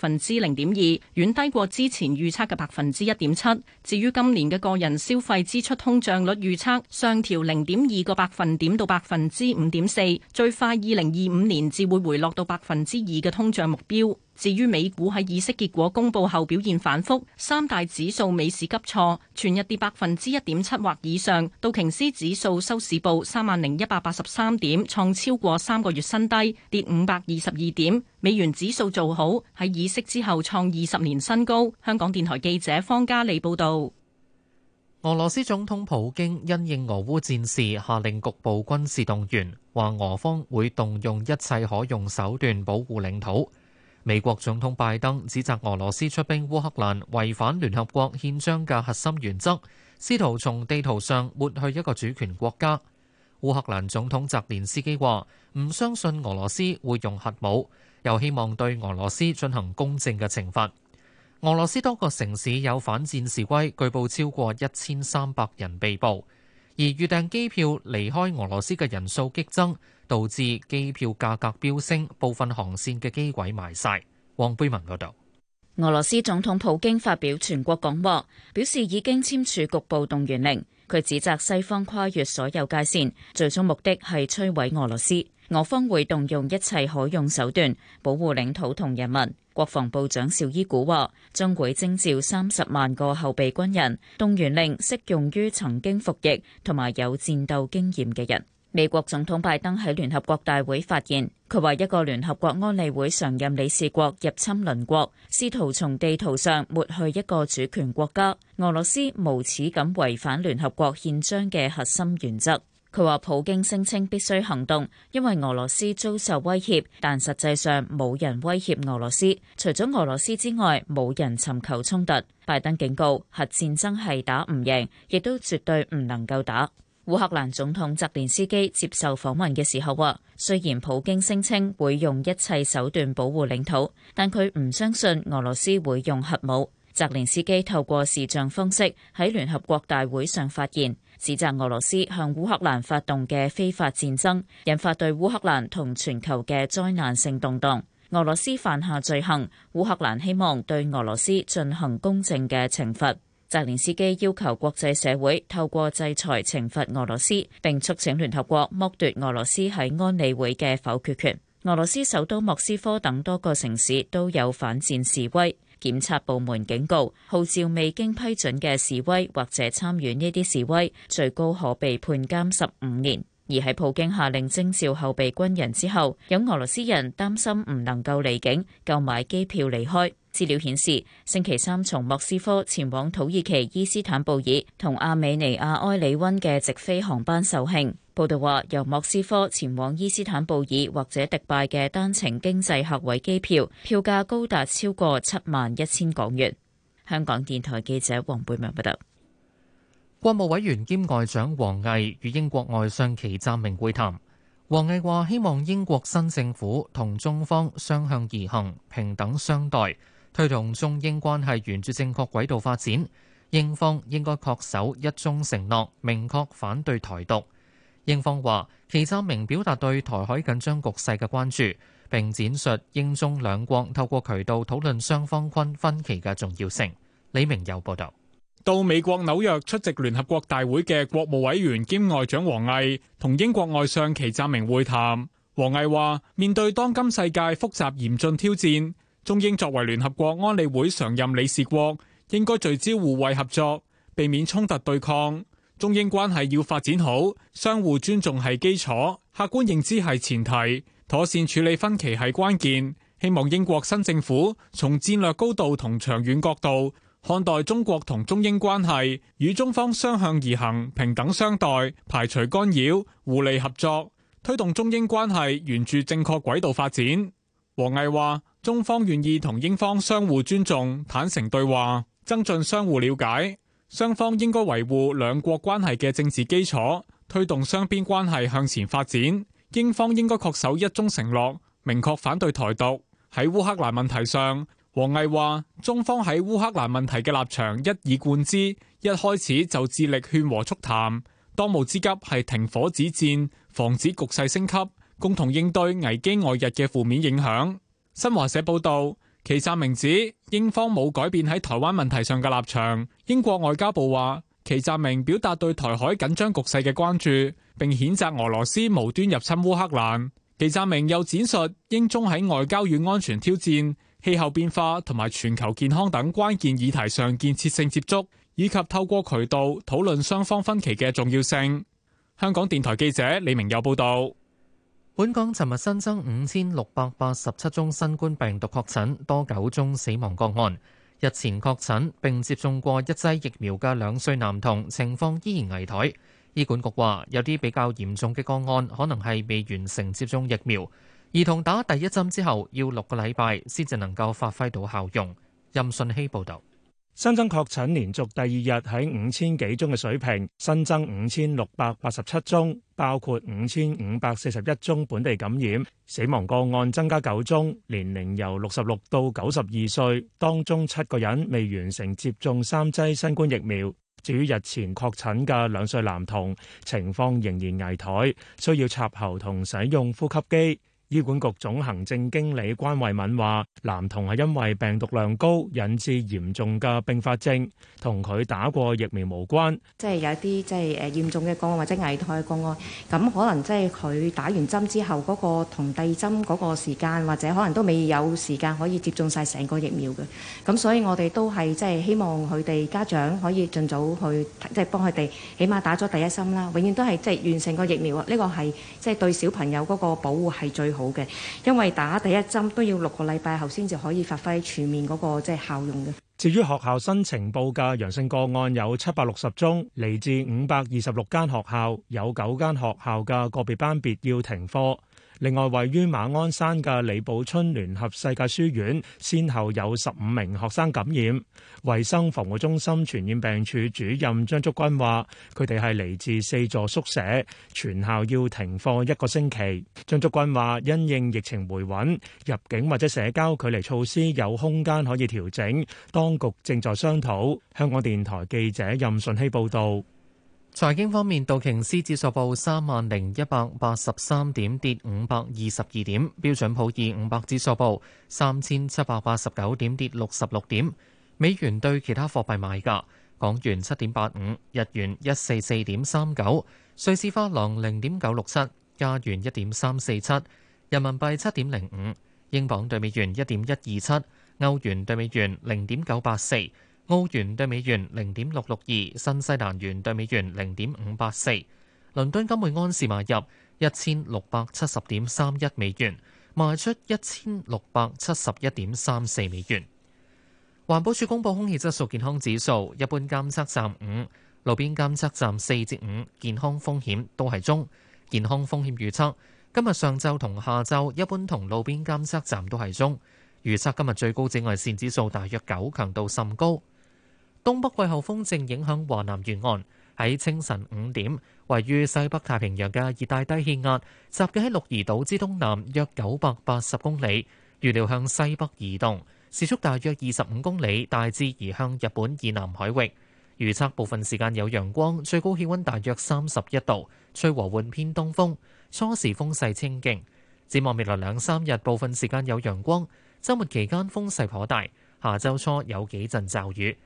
百分之零點二，遠低過之前預測嘅百分之一點七。至於今年嘅個人消費支出通脹率預測上調零點二個百分點到百分之五點四，最快二零二五年至會回落到百分之二嘅通脹目標。至於美股喺議息結果公佈後表現反覆，三大指數美市急挫，全日跌百分之一點七或以上。道瓊斯指數收市報三萬零一百八十三點，創超過三個月新低，跌五百二十二點。美元指數做好喺議息之後創二十年新高。香港電台記者方嘉利報導。俄羅斯總統普京因應俄烏戰事下令局部軍事動員，話俄方會動用一切可用手段保護領土。美國總統拜登指責俄羅斯出兵烏克蘭違反聯合國憲章嘅核心原則，試圖從地圖上抹去一個主權國家。烏克蘭總統澤連斯基話：唔相信俄羅斯會用核武，又希望對俄羅斯進行公正嘅懲罰。俄羅斯多個城市有反戰示威，據報超過一千三百人被捕，而預訂機票離開俄羅斯嘅人數激增。導致機票價格飆升，部分航線嘅機位賣晒。黃貝文嗰度，俄羅斯總統普京發表全國講話，表示已經簽署局部動員令。佢指責西方跨越所有界線，最終目的係摧毀俄羅斯。俄方會動用一切可用手段保護領土同人民。國防部長邵伊古話將會徵召三十萬個後備軍人，動員令適用於曾經服役同埋有戰鬥經驗嘅人。美國總統拜登喺聯合國大會發言，佢話一個聯合國安理會常任理事國入侵鄰國，試圖從地圖上抹去一個主權國家。俄羅斯無恥咁違反聯合國憲章嘅核心原則。佢話普京聲稱必須行動，因為俄羅斯遭受威脅，但實際上冇人威脅俄羅斯。除咗俄羅斯之外，冇人尋求衝突。拜登警告核戰爭係打唔贏，亦都絕對唔能夠打。烏克蘭總統澤連斯基接受訪問嘅時候話，雖然普京聲稱會用一切手段保護領土，但佢唔相信俄羅斯會用核武。澤連斯基透過視像方式喺聯合國大會上發言，指責俄羅斯向烏克蘭發動嘅非法戰爭，引發對烏克蘭同全球嘅災難性動盪。俄羅斯犯下罪行，烏克蘭希望對俄羅斯進行公正嘅懲罰。澤連斯基要求國際社會透過制裁懲罰俄羅斯，並促請聯合國剝奪俄羅斯喺安理會嘅否決權。俄羅斯首都莫斯科等多個城市都有反戰示威，檢察部門警告號召未經批准嘅示威或者參與呢啲示威，最高可被判監十五年。而喺普京下令徵召後備軍人之後，有俄羅斯人擔心唔能夠離境，購買機票離開。資料顯示，星期三從莫斯科前往土耳其伊斯坦布爾同阿美尼亞埃里溫嘅直飛航班售罄。報道話，由莫斯科前往伊斯坦布爾或者迪拜嘅單程經濟客位機票，票價高達超過七萬一千港元。香港電台記者黃貝文報道。國務委員兼外長王毅與英國外相祁湛明會談。王毅話：希望英國新政府同中方雙向而行，平等相待。推動中英關係沿住正確軌道發展，英方應該恪守一中承諾，明確反對台獨。英方話，祁澤明表達對台海緊張局勢嘅關注，並展述英中兩國透過渠道討論雙方均分歧嘅重要性。李明友報道。到美國紐約出席聯合國大會嘅國務委員兼外長王毅同英國外相祁澤明會談。王毅話，面對當今世界複雜嚴峻挑戰。中英作為聯合國安理會常任理事國，應該聚焦互惠合作，避免衝突對抗。中英關係要發展好，相互尊重係基礎，客觀認知係前提，妥善處理分歧係關鍵。希望英國新政府從戰略高度同長遠角度看待中國同中英關係，與中方相向而行，平等相待，排除干擾，互利合作，推動中英關係沿住正確軌道發展。王毅話：中方願意同英方相互尊重、坦誠對話、增進相互了解。雙方應該維護兩國關係嘅政治基礎，推動雙邊關係向前發展。英方應該恪守一中承諾，明確反對台獨。喺烏克蘭問題上，王毅話：中方喺烏克蘭問題嘅立場一以貫之，一開始就致力勸和促談。當務之急係停火止戰，防止局勢升級。共同應對危機外日嘅負面影響。新華社報道，祁湛明指英方冇改變喺台灣問題上嘅立場。英國外交部話，祁湛明表達對台海緊張局勢嘅關注，並譴責俄羅斯無端入侵烏克蘭。祁湛明又展述英中喺外交與安全挑戰、氣候變化同埋全球健康等關鍵議題上建設性接觸，以及透過渠道討論雙方分歧嘅重要性。香港電台記者李明又報道。本港尋日新增五千六百八十七宗新冠病毒確診，多九宗死亡個案。日前確診並接種過一劑疫苗嘅兩歲男童，情況依然危殆。醫管局話，有啲比較嚴重嘅個案，可能係未完成接種疫苗。兒童打第一針之後，要六個禮拜先至能夠發揮到效用。任信希報導。新增確診連續第二日喺五千幾宗嘅水平，新增五千六百八十七宗，包括五千五百四十一宗本地感染。死亡個案增加九宗，年齡由六十六到九十二歲，當中七個人未完成接種三劑新冠疫苗。至於日前確診嘅兩歲男童，情況仍然危殆，需要插喉同使用呼吸機。醫管局總行政經理關慧敏話：男童係因為病毒量高，引致嚴重嘅併發症，同佢打過疫苗無關。即係有啲即係誒嚴重嘅個案或者危殆嘅個案，咁可能即係佢打完針之後嗰個同第二針嗰個時間，或者可能都未有時間可以接種晒成個疫苗嘅。咁所以我哋都係即係希望佢哋家長可以盡早去，即係幫佢哋起碼打咗第一針啦。永遠都係即係完成個疫苗啊，呢個係即係對小朋友嗰個保護係最好。好嘅，因為打第一針都要六個禮拜後先就可以發揮全面嗰個即係效用嘅。至於學校申請報嘅陽性個案有七百六十宗，嚟自五百二十六間學校，有九間學校嘅個別班別要停課。另外，位於馬鞍山嘅李寶春聯合世界書院，先後有十五名學生感染。衞生防護中心傳染病處主任張竹君話：佢哋係嚟自四座宿舍，全校要停課一個星期。張竹君話：因應疫情回穩，入境或者社交距離措施有空間可以調整，當局正在商討。香港電台記者任順希報導。財經方面，道瓊斯指數報三萬零一百八十三點，跌五百二十二點；標準普爾五百指數報三千七百八十九點，跌六十六點。美元對其他貨幣賣價：港元七點八五，日元一四四點三九，瑞士法郎零點九六七，加元一點三四七，人民幣七點零五，英鎊對美元一點一二七，歐元對美元零點九八四。澳元對美元零點六六二，新西蘭元對美元零點五八四。倫敦金每安士買入一千六百七十點三一美元，賣出一千六百七十一點三四美元。環保署公布空氣質素健康指數，一般監測站五，路邊監測站四至五，健康風險都係中。健康風險預測，今日上晝同下晝一般同路邊監測站都係中。預測今日最高紫外線指數大約九，強度甚高。東北季候風正影響華南沿岸。喺清晨五點，位於西北太平洋嘅熱帶低氣壓，集結喺鹿兒島之東南約九百八十公里，預料向西北移動，時速大約二十五公里，大致移向日本以南海域。預測部分時間有陽光，最高氣温大約三十一度，吹和緩偏東風，初時風勢清勁。展望未來兩三日，部分時間有陽光，週末期間風勢頗大，下周初有幾陣驟雨。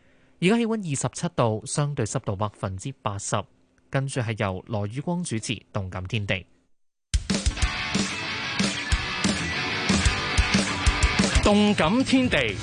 而家氣温二十七度，相對濕度百分之八十。跟住係由羅宇光主持《動感天地》。動感天地。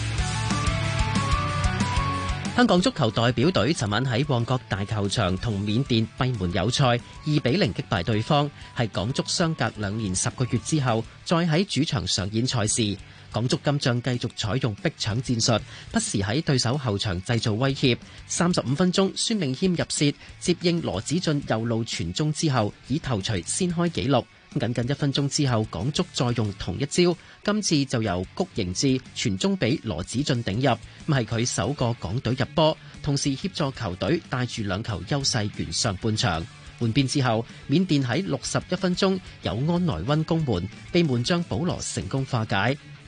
香港足球代表隊尋晚喺旺角大球場同緬甸閉門友賽，二比零擊敗對方，係港足相隔兩年十個月之後，再喺主場上演賽事。港足今仗繼續採用逼搶戰術，不時喺對手後場製造威脅。三十五分鐘，孫銘謙入線接應羅子俊右路傳中之後，以頭錘先開紀錄。僅僅一分鐘之後，港足再用同一招，今次就由谷盈志傳中俾羅子俊頂入，咁係佢首個港隊入波，同時協助球隊帶住兩球優勢完上半場。換邊之後，緬甸喺六十一分鐘有安萊温攻門，被門將保羅成功化解。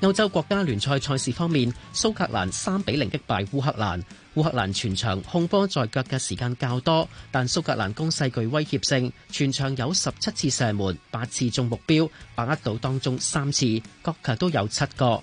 歐洲國家聯賽賽事方面，蘇格蘭三比零擊敗烏克蘭。烏克蘭全場控波在腳嘅時間較多，但蘇格蘭攻勢具威脅性，全場有十七次射門，八次中目標，把握到當中三次，角球都有七個。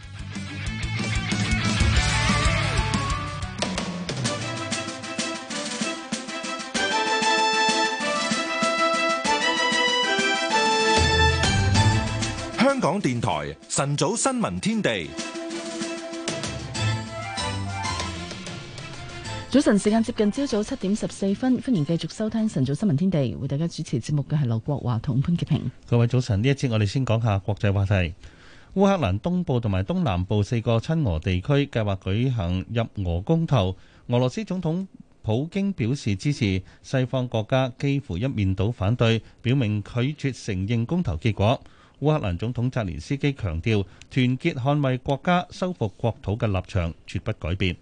港電台晨早新聞天地，早晨時間接近朝早七點十四分，歡迎繼續收聽晨早新聞天地。為大家主持節目嘅係劉國華同潘潔平。各位早晨，呢一節我哋先講下國際話題。烏克蘭東部同埋東南部四個親俄地區計劃舉行入俄公投，俄羅斯總統普京表示支持，西方國家幾乎一面倒反對，表明拒絕承認公投結果。烏克蘭總統澤連斯基強調團結捍衛國家、收復國土嘅立場絕不改變。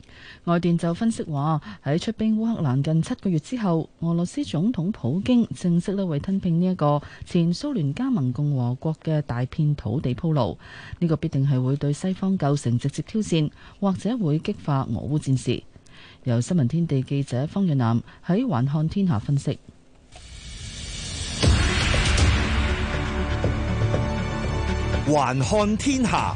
外電就分析話，喺出兵烏克蘭近七個月之後，俄羅斯總統普京正式咧為吞併呢一個前蘇聯加盟共和國嘅大片土地鋪路，呢個必定係會對西方構成直接挑戰，或者會激化俄烏戰事。由新聞天地記者方若南喺《環看天下》分析。環看天下，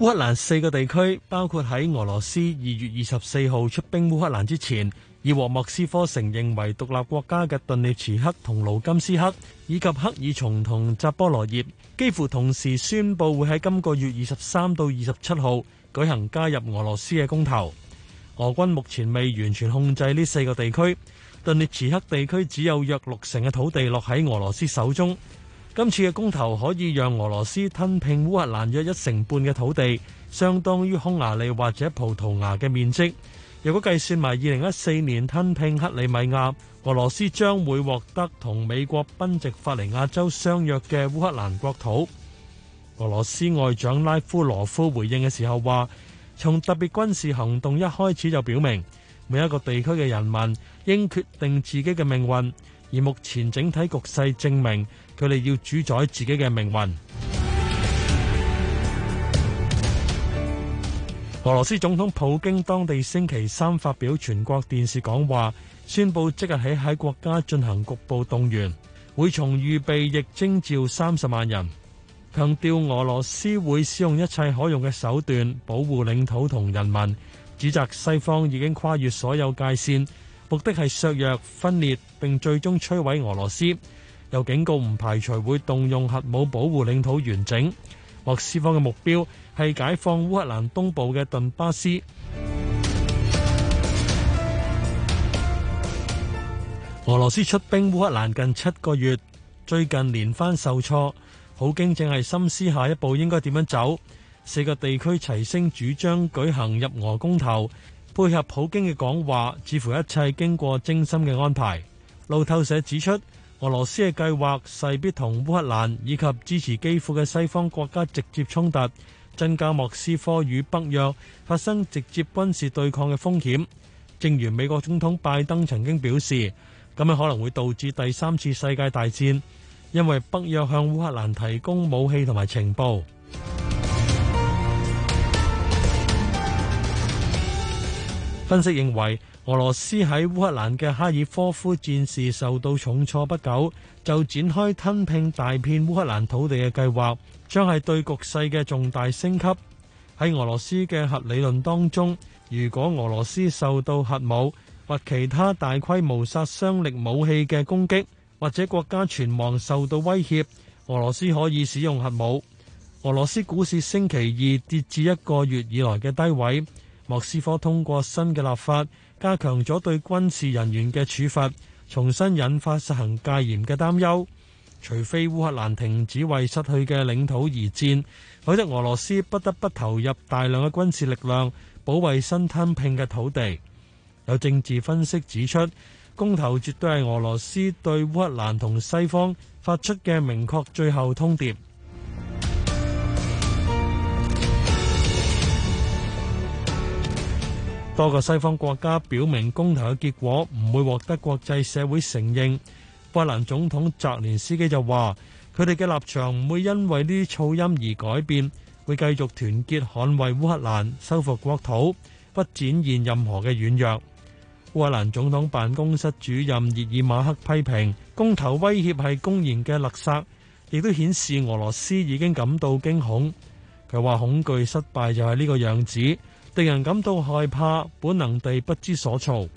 烏克蘭四個地區包括喺俄羅斯二月二十四號出兵烏克蘭之前，已獲莫斯科承認為獨立國家嘅頓涅茨克同盧甘斯克，以及克爾松同扎波羅葉，幾乎同時宣佈會喺今個月二十三到二十七號舉行加入俄羅斯嘅公投。俄軍目前未完全控制呢四個地區，頓涅茨克地區只有約六成嘅土地落喺俄羅斯手中。今次嘅公投可以讓俄羅斯吞併烏克蘭約一成半嘅土地，相當於匈牙利或者葡萄牙嘅面積。如果計算埋二零一四年吞併克里米亞，俄羅斯將會獲得同美國賓夕法尼亞州相若嘅烏克蘭國土。俄羅斯外長拉夫羅夫回應嘅時候話：從特別軍事行動一開始就表明，每一個地區嘅人民應決定自己嘅命運。而目前整體局勢證明。佢哋要主宰自己嘅命運。俄羅斯總統普京當地星期三發表全國電視講話，宣佈即日起喺國家進行局部動員，會從預備役徵召三十萬人。強調俄羅斯會使用一切可用嘅手段保護領土同人民，指責西方已經跨越所有界線，目的係削弱、分裂並最終摧毀俄羅斯。又警告，唔排除會動用核武保護領土完整。莫斯科嘅目標係解放烏克蘭東部嘅頓巴斯。俄羅斯出兵烏克蘭近七個月，最近連番受挫，普京正係深思下一步應該點樣走。四個地區齊聲主張舉行入俄公投，配合普京嘅講話，似乎一切經過精心嘅安排。路透社指出。俄羅斯嘅計劃勢必同烏克蘭以及支持基輔嘅西方國家直接衝突，增加莫斯科與北約發生直接軍事對抗嘅風險。正如美國總統拜登曾經表示，咁樣可能會導致第三次世界大戰，因為北約向烏克蘭提供武器同埋情報。分析認為。俄羅斯喺烏克蘭嘅哈爾科夫戰事受到重挫不久，就展開吞併大片烏克蘭土地嘅計劃，將係對局勢嘅重大升級。喺俄羅斯嘅核理論當中，如果俄羅斯受到核武或其他大規模殺傷力武器嘅攻擊，或者國家存亡受到威脅，俄羅斯可以使用核武。俄羅斯股市星期二跌至一個月以來嘅低位。莫斯科通過新嘅立法。加強咗對軍事人員嘅處罰，重新引發實行戒嚴嘅擔憂。除非烏克蘭停止為失去嘅領土而戰，否則俄羅斯不得不投入大量嘅軍事力量，保衛新吞併嘅土地。有政治分析指出，公投絕對係俄羅斯對烏克蘭同西方發出嘅明確最後通牒。多個西方國家表明公投嘅結果唔會獲得國際社會承認。烏克蘭總統澤連斯基就話：佢哋嘅立場唔會因為呢啲噪音而改變，會繼續團結捍衛烏克蘭，收復國土，不展現任何嘅軟弱。烏克蘭總統辦公室主任葉爾馬克批評公投威脅係公然嘅勒殺，亦都顯示俄羅斯已經感到驚恐。佢話恐懼失敗就係呢個樣子。令人感到害怕，本能地不知所措。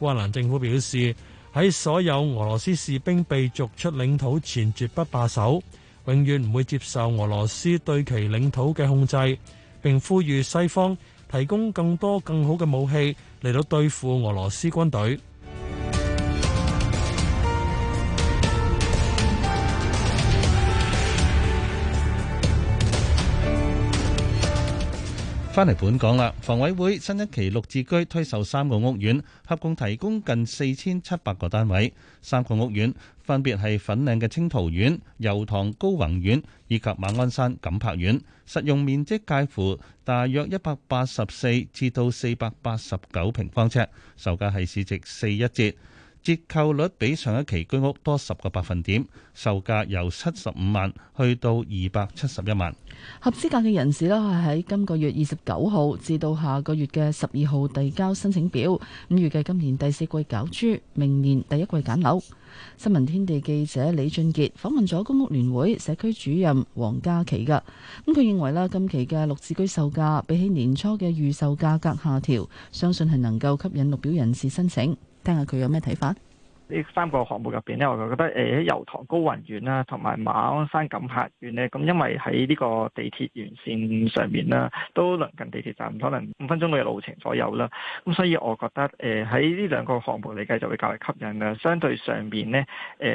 烏克蘭政府表示，喺所有俄羅斯士兵被逐出領土前，絕不罷手，永遠唔會接受俄羅斯對其領土嘅控制。並呼籲西方提供更多更好嘅武器嚟到對付俄羅斯軍隊。返嚟本港啦，房委會新一期綠置居推售三個屋苑，合共提供近四千七百個單位。三個屋苑分別係粉嶺嘅清濤苑、油塘高宏苑以及馬鞍山錦柏苑，實用面積介乎大約一百八十四至到四百八十九平方尺，售價係市值四一折。折扣率比上一期居屋多十個百分點，售價由七十五萬去到二百七十一萬。合資格嘅人士咧，係喺今個月二十九號至到下個月嘅十二號遞交申請表。咁預計今年第四季攪珠，明年第一季揀樓。新聞天地記者李俊杰訪問咗公屋聯會社區主任黃家琪噶，咁佢認為啦，今期嘅綠置居售價比起年初嘅預售價格下調，相信係能夠吸引綠表人士申請。聽下佢有咩睇法？呢三個項目入邊咧，我就覺得誒，喺、呃、油塘高雲苑啦，同埋馬鞍山錦柏苑咧，咁因為喺呢個地鐵沿線，線上面啦，都鄰近地鐵站，可能五分鐘嘅路程左右啦。咁所以我覺得誒，喺、呃、呢兩個項目嚟計就會較為吸引嘅。相對上邊咧，誒、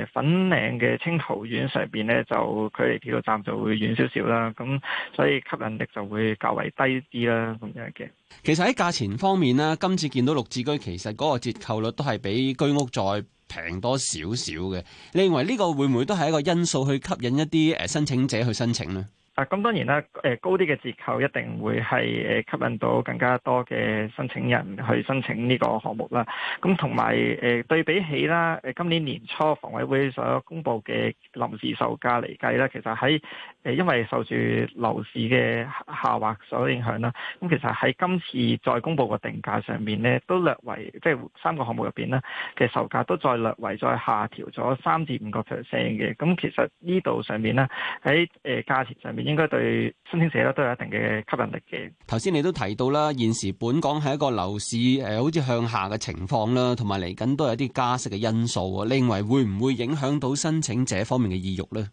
呃、粉嶺嘅青桃苑上邊咧，就佢離鐵路站就會遠少少啦。咁、嗯、所以吸引力就會較為低啲啦，咁樣嘅。其實喺價錢方面咧，今次見到綠置居，其實嗰個折扣率都係比居屋再平多少少嘅。你認為呢個會唔會都係一個因素去吸引一啲誒申請者去申請呢？啊，咁當然啦，誒高啲嘅折扣一定會係誒吸引到更加多嘅申請人去申請呢個項目啦。咁同埋誒對比起啦，誒今年年初房委會所公布嘅臨時售價嚟計咧，其實喺誒，因為受住樓市嘅下滑所影響啦，咁其實喺今次再公布個定價上面咧，都略為即係三個項目入邊啦，嘅售價都再略為再下調咗三至五個 percent 嘅，咁其實呢度上面咧喺誒價錢上面應該對申請者咧都有一定嘅吸引力嘅。頭先你都提到啦，現時本港係一個樓市誒好似向下嘅情況啦，同埋嚟緊都有啲加息嘅因素啊，你認為會唔會影響到申請者方面嘅意欲咧？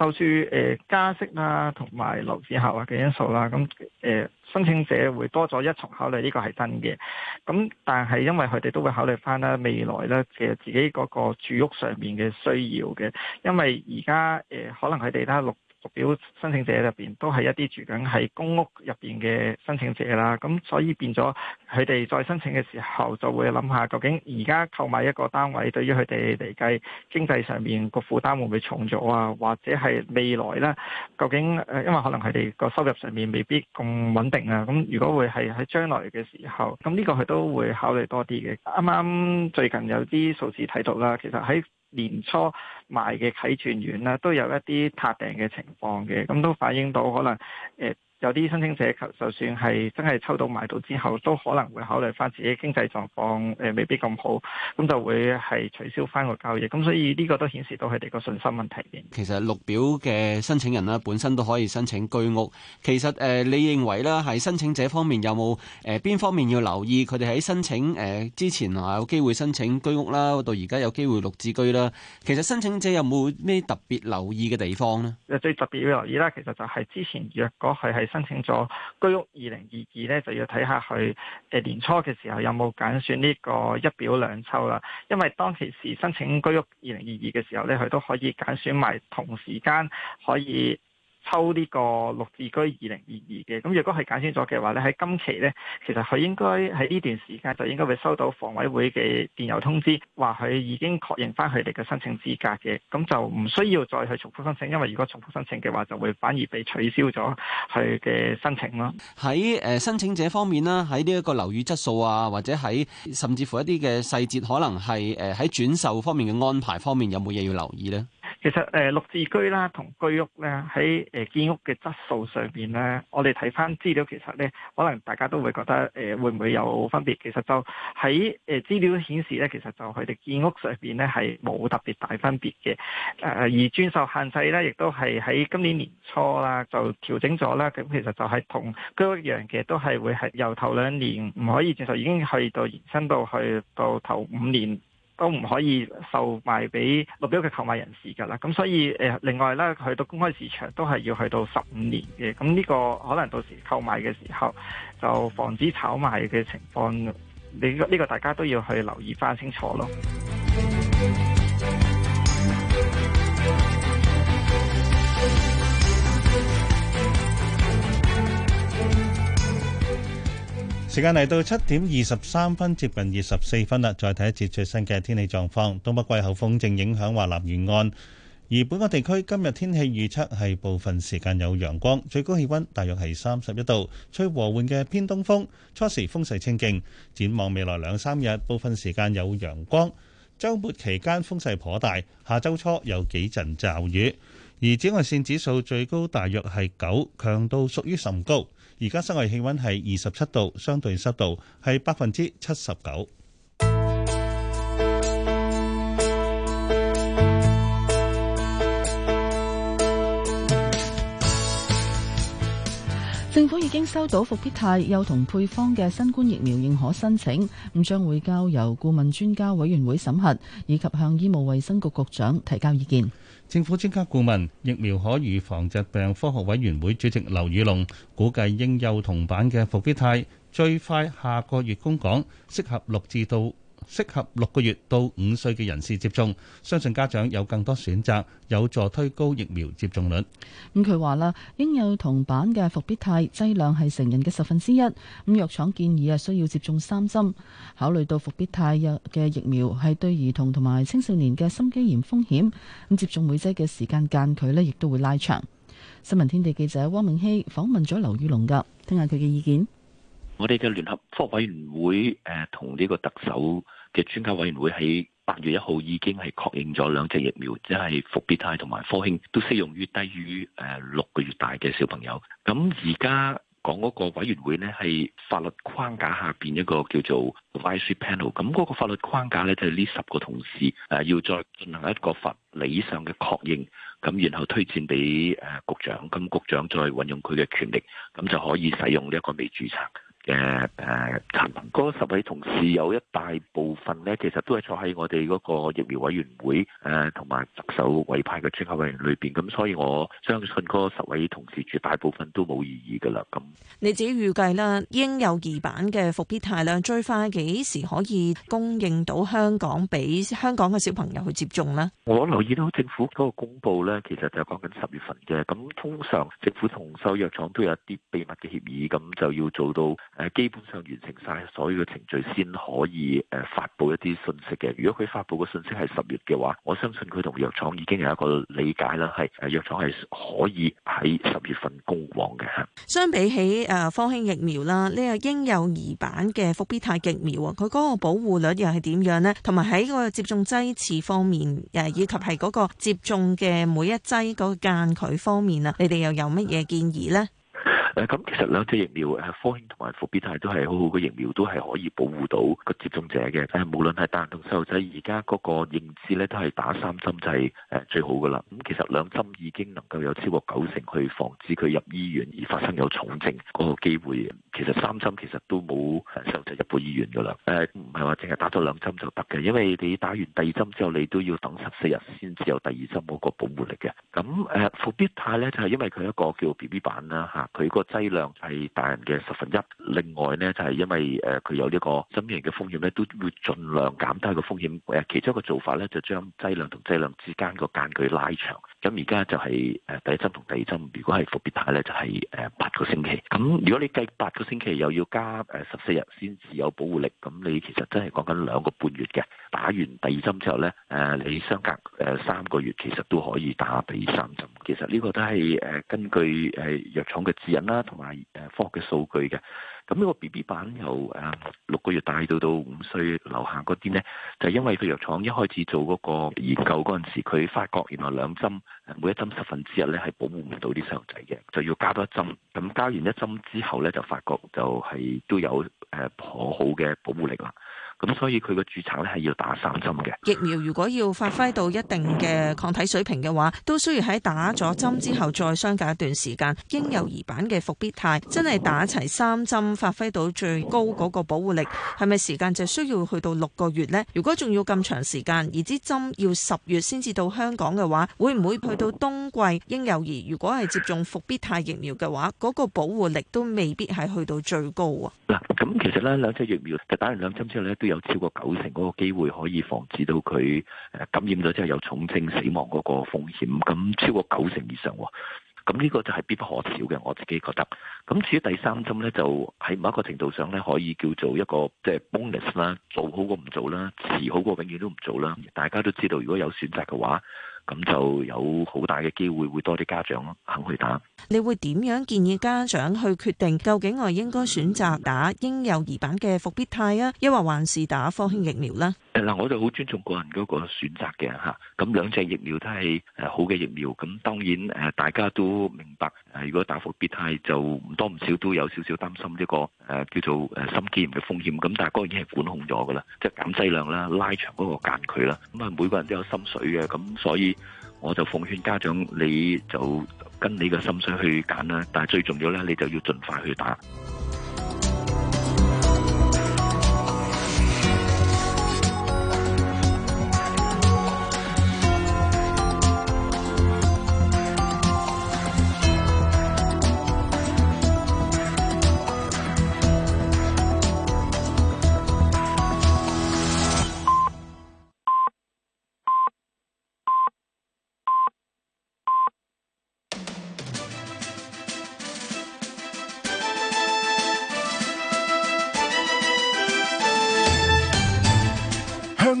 受住誒加息啦，同埋樓市下滑嘅因素啦，咁誒、嗯、申請者會多咗一重考慮，呢個係真嘅。咁但係因為佢哋都會考慮翻啦，未來咧其實自己嗰個住屋上面嘅需要嘅，因為而家誒可能佢哋咧六。表申請者入邊都係一啲住緊喺公屋入邊嘅申請者啦，咁所以變咗佢哋再申請嘅時候就會諗下，究竟而家購買一個單位對於佢哋嚟計經濟上面個負擔會唔會重咗啊？或者係未來咧，究竟誒、呃，因為可能佢哋個收入上面未必咁穩定啊，咁如果會係喺將來嘅時候，咁呢個佢都會考慮多啲嘅。啱啱最近有啲數字睇到啦，其實喺。年初賣嘅啟泉苑啦，都有一啲撻訂嘅情況嘅，咁都反映到可能誒、欸有啲申請者，就算係真係抽到買到之後，都可能會考慮翻自己經濟狀況，誒、呃、未必咁好，咁就會係取消翻個交易。咁所以呢個都顯示到佢哋個信心問題嘅。其實綠表嘅申請人呢，本身都可以申請居屋。其實誒、呃，你認為咧，喺申請者方面有冇誒邊方面要留意？佢哋喺申請誒、呃、之前啊，有機會申請居屋啦，到而家有機會綠置居啦。其實申請者有冇咩特別留意嘅地方呢？最特別要留意啦，其實就係之前若果佢係，申請咗居屋二零二二咧，就要睇下佢誒年初嘅時候有冇揀選呢個一表兩抽啦。因為當其時申請居屋二零二二嘅時候咧，佢都可以揀選埋同時間可以。抽呢個綠置居二零二二嘅，咁如果係揀選咗嘅話咧，喺今期咧，其實佢應該喺呢段時間就應該會收到房委會嘅電郵通知，話佢已經確認返佢哋嘅申請資格嘅，咁就唔需要再去重複申請，因為如果重複申請嘅話，就會反而被取消咗佢嘅申請咯。喺誒申請者方面啦，喺呢一個樓宇質素啊，或者喺甚至乎一啲嘅細節，可能係誒喺轉售方面嘅安排方面，有冇嘢要留意咧？其實誒綠置居啦同居屋咧，喺誒建屋嘅質素上邊咧，我哋睇翻資料其實咧，可能大家都會覺得誒、呃、會唔會有分別？其實就喺誒資料顯示咧，其實就佢哋建屋上邊咧係冇特別大分別嘅。誒、呃、而遵售限制咧，亦都係喺今年年初啦，就調整咗啦。咁其實就係同居屋一樣嘅，都係會係由頭兩年唔可以轉售，已經去到延伸到去到頭五年。都唔可以售賣俾目標嘅購買人士㗎啦，咁所以誒、呃，另外咧，去到公開市場都係要去到十五年嘅，咁呢個可能到時購買嘅時候就防止炒賣嘅情況，你、這、呢個大家都要去留意返清楚咯。時間嚟到七點二十三分，接近二十四分啦。再睇一節最新嘅天氣狀況。東北季候風正影響華南沿岸，而本港地區今日天氣預測係部分時間有陽光，最高氣溫大約係三十一度，吹和緩嘅偏東風，初時風勢清勁。展望未來兩三日，部分時間有陽光，周末期間風勢頗大，下周初有幾陣驟雨，而紫外線指數最高大約係九，強度屬於甚高。而家室外氣溫係二十七度，相對濕度係百分之七十九。政府已經收到復必泰幼童配方嘅新冠疫苗認可申請，咁將會交由顧問專家委員會審核，以及向醫務衛生局局局長提交意見。政府專家顧問、疫苗可預防疾病科學委員會主席劉宇隆估計，嬰幼童版嘅復必泰最快下個月供港，適合六至到。適合六個月到五歲嘅人士接種，相信家長有更多選擇，有助推高疫苗接種率。咁佢話啦，嬰幼童版嘅復必泰劑量係成人嘅十分之一。咁藥廠建議啊，需要接種三針。考慮到復必泰嘅疫苗係對兒童同埋青少年嘅心肌炎風險，咁接種每劑嘅時間間距咧，亦都會拉長。新聞天地記者汪明熙訪問咗劉宇龍噶，聽下佢嘅意見。我哋嘅聯合科委員會誒同呢個特首。嘅專家委員會喺八月一號已經係確認咗兩隻疫苗，即係復必泰同埋科興都適用於低於誒六個月大嘅小朋友。咁而家講嗰個委員會呢，係法律框架下邊一個叫做 Advisory Panel。咁嗰個法律框架呢，就係、是、呢十個同事誒要再進行一個法理上嘅確認，咁然後推薦俾誒局長，咁局長再運用佢嘅權力，咁就可以使用呢一個未註冊。嘅誒，嗰、嗯那個、十位同事有一大部分咧，其實都係坐喺我哋嗰個疫苗委員會誒，同、呃、埋特首委派嘅專家委員裏邊。咁所以我相信嗰十位同事絕大部分都冇異議噶啦。咁，你自己預計啦，嬰幼兒版嘅復必泰量最快幾時可以供應到香港俾香港嘅小朋友去接種呢？我留意到政府嗰個公佈咧，其實就講緊十月份嘅。咁通常政府同收藥廠都有一啲秘密嘅協議，咁就要做到。基本上完成晒所有嘅程序先可以誒發布一啲信息嘅。如果佢發布嘅信息係十月嘅話，我相信佢同藥廠已經有一個理解啦，係誒藥廠係可以喺十月份公佈嘅。相比起誒科興疫苗啦，呢個嬰幼兒版嘅復必泰疫苗，啊，佢嗰個保護率又係點樣咧？同埋喺個接種劑次方面，誒以及係嗰個接種嘅每一劑嗰個間距方面啊，你哋又有乜嘢建議咧？誒咁其實兩隻疫苗誒科興同埋復必泰都係好好嘅疫苗，都係可以保護到個接種者嘅。誒無論係大童、細路仔，而家嗰個認知咧都係打三針就係誒最好噶啦。咁其實兩針已經能夠有超過九成去防止佢入醫院而發生有重症嗰個機會。其實三針其實都冇細路仔入到醫院噶啦。誒唔係話淨係打咗兩針就得嘅，因為你打完第二針之後，你都要等十四日先至有第二針嗰個保護力嘅。咁誒復必泰咧就係、是、因為佢一個叫 BB 版啦嚇，佢個劑量係大人嘅十分一。另外呢，就係、是、因為誒，佢有呢個心型嘅風險呢，都會盡量減低個風險。誒，其中一個做法呢，就將、是、劑量同劑量之間個間距拉長。咁而家就係誒第一針同第二針，如果係復必泰咧，就係誒八個星期。咁如果你計八個星期，又要加誒十四日先至有保護力，咁你其實真係講緊兩個半月嘅。打完第二針之後咧，誒你相隔誒三個月，其實都可以打第三針。其實呢個都係誒根據誒藥廠嘅指引啦，同埋誒科學嘅數據嘅。咁呢個 BB 版由誒、啊、六個月大到到五歲樓下嗰啲呢，就因為佢藥廠一開始做嗰個研究嗰陣時，佢發覺原來兩針，每一針十分之一呢係保護唔到啲細路仔嘅，就要加多一針。咁加完一針之後呢，就發覺就係都有誒頗、呃、好嘅保護力啦。咁所以佢個註冊咧，係要打三針嘅疫苗。如果要發揮到一定嘅抗體水平嘅話，都需要喺打咗針之後再相隔一段時間。嬰幼兒版嘅復必泰真係打齊三針發揮到最高嗰個保護力，係咪時間就需要去到六個月咧？如果仲要咁長時間，而支針要十月先至到香港嘅話，會唔會去到冬季嬰幼兒？如果係接種復必泰疫苗嘅話，嗰個保護力都未必係去到最高啊？嗱，咁其實咧兩隻疫苗就打完兩針之後咧，有超過九成嗰個機會可以防止到佢感染咗之後有重症死亡嗰個風險，咁超過九成以上喎，咁呢個就係必不可少嘅，我自己覺得。咁至於第三針呢，就喺某一個程度上呢，可以叫做一個即係 bonus 啦，做好過唔做啦，遲好過永遠都唔做啦。大家都知道，如果有選擇嘅話。咁就有好大嘅機會會多啲家長咯，肯去打。你會點樣建議家長去決定究竟我應該選擇打嬰幼兒版嘅復必泰啊，抑或還是打科興疫苗呢？嗱，我就好尊重個人嗰個選擇嘅嚇。咁兩隻疫苗都係誒好嘅疫苗。咁當然誒大家都明白誒，如果打復必泰就唔多唔少都有少少擔心呢個誒叫做誒心肌炎嘅風險。咁但係嗰個已經係管控咗噶啦，即係減劑量啦，拉長嗰個間距啦。咁啊每個人都有心水嘅，咁所以。我就奉勸家長，你就跟你嘅心水去揀啦。但係最重要咧，你就要盡快去打。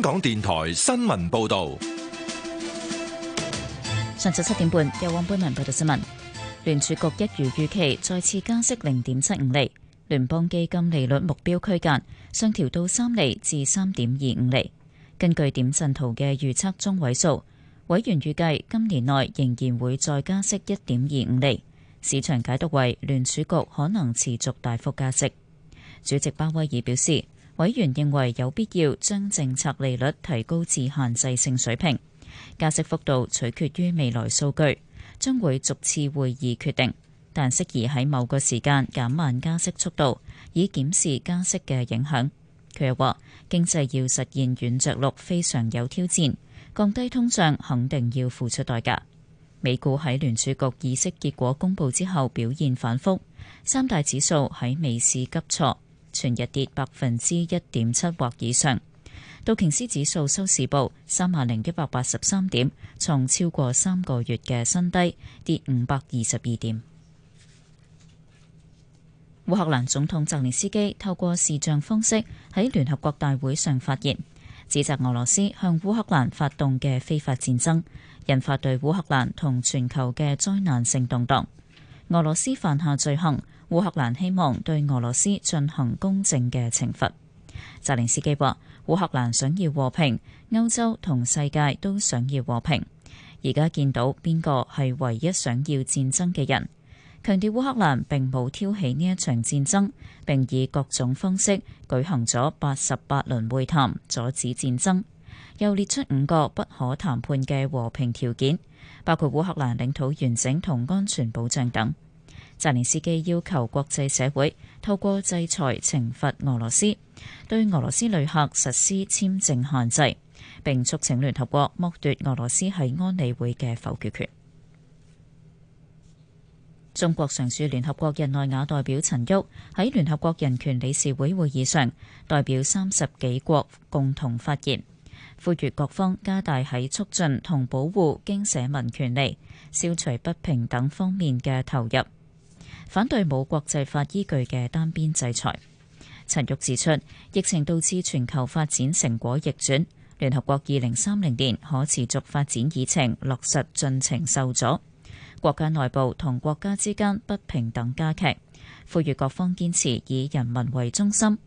香港電台新聞報道：上晝七點半，有汪佩文報道新聞。聯儲局一如預期，再次加息零點七五厘，聯邦基金利率目標區間上調到三厘至三點二五厘。根據點陣圖嘅預測，中位數委員預計今年內仍然會再加息一點二五厘。市場解讀為聯儲局可能持續大幅加息。主席鮑威爾表示。委員認為有必要將政策利率提高至限制性水平，加息幅度取決於未來數據，將會逐次會議決定。但適宜喺某個時間減慢加息速度，以檢視加息嘅影響。佢又話，經濟要實現軟着陸非常有挑戰，降低通脹肯定要付出代價。美股喺聯儲局議息結果公布之後表現反覆，三大指數喺尾市急挫。全日跌百分之一點七或以上，道瓊斯指數收市報三萬零一百八十三點，創超過三個月嘅新低，跌五百二十二點。烏克蘭總統澤連斯基透過視像方式喺聯合國大會上發言，指責俄羅斯向烏克蘭發動嘅非法戰爭，引發對烏克蘭同全球嘅災難性動盪，俄羅斯犯下罪行。烏克蘭希望對俄羅斯進行公正嘅懲罰。澤連斯基話：烏克蘭想要和平，歐洲同世界都想要和平。而家見到邊個係唯一想要戰爭嘅人？強調烏克蘭並冇挑起呢一場戰爭，並以各種方式舉行咗八十八輪會談，阻止戰爭。又列出五個不可談判嘅和平條件，包括烏克蘭領土完整同安全保障等。澤連斯基要求國際社會透過制裁懲罰俄羅斯，對俄羅斯旅客實施簽證限制，並促請聯合國剝奪俄羅斯喺安理會嘅否決權。中國常駐聯合國日內瓦代表陳旭喺聯合國人權理事會會議上，代表三十幾國共同發言，呼籲各方加大喺促進同保護經社民權利、消除不平等方面嘅投入。反對冇國際法依據嘅單邊制裁。陳玉指出，疫情導致全球發展成果逆轉，聯合國二零三零年可持續發展議程落實進程受阻，國家內部同國家之間不平等加劇。呼籲各方堅持以人民為中心，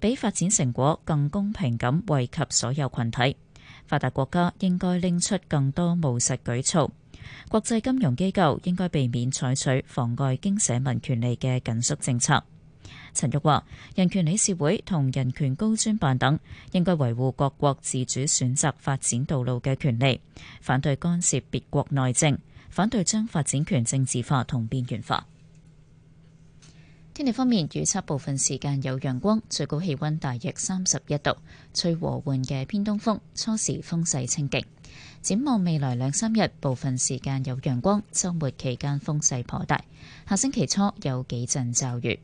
俾發展成果更公平咁惠及所有群體。發達國家應該拎出更多務實舉措。國際金融機構應該避免採取妨礙經社民權利嘅緊縮政策。陳玉話：人權理事會同人權高專辦等應該維護各國自主選擇發展道路嘅權利，反對干涉別國內政，反對將發展權政治化同邊緣化。天氣方面，預測部分時間有陽光，最高氣温大約三十一度，吹和緩嘅偏東風，初時風勢清勁。展望未來兩三日，部分時間有陽光；週末期間風勢頗大。下星期初有幾陣驟雨。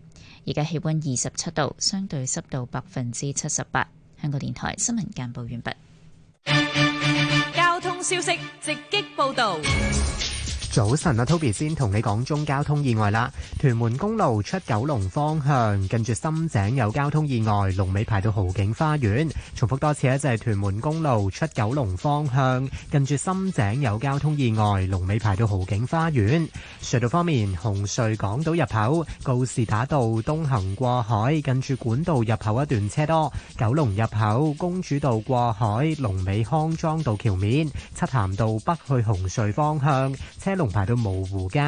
而家氣温二十七度，相對濕度百分之七十八。香港電台新聞簡報完畢。交通消息直擊，直擊報導。早晨啊，Toby 先同你講中交通意外啦。屯門公路出九龍方向，近住深井有交通意外，龍尾排到豪景花園。重複多次咧，就係屯門公路出九龍方向，近住深井有交通意外，龍尾排到豪景花園。隧道方面，紅隧港島入口告士打道東行過海，近住管道入口一段車多。九龍入口公主道過海，龍尾康莊道橋面，漆咸道北去紅隧方向，車龍排到蕪湖街。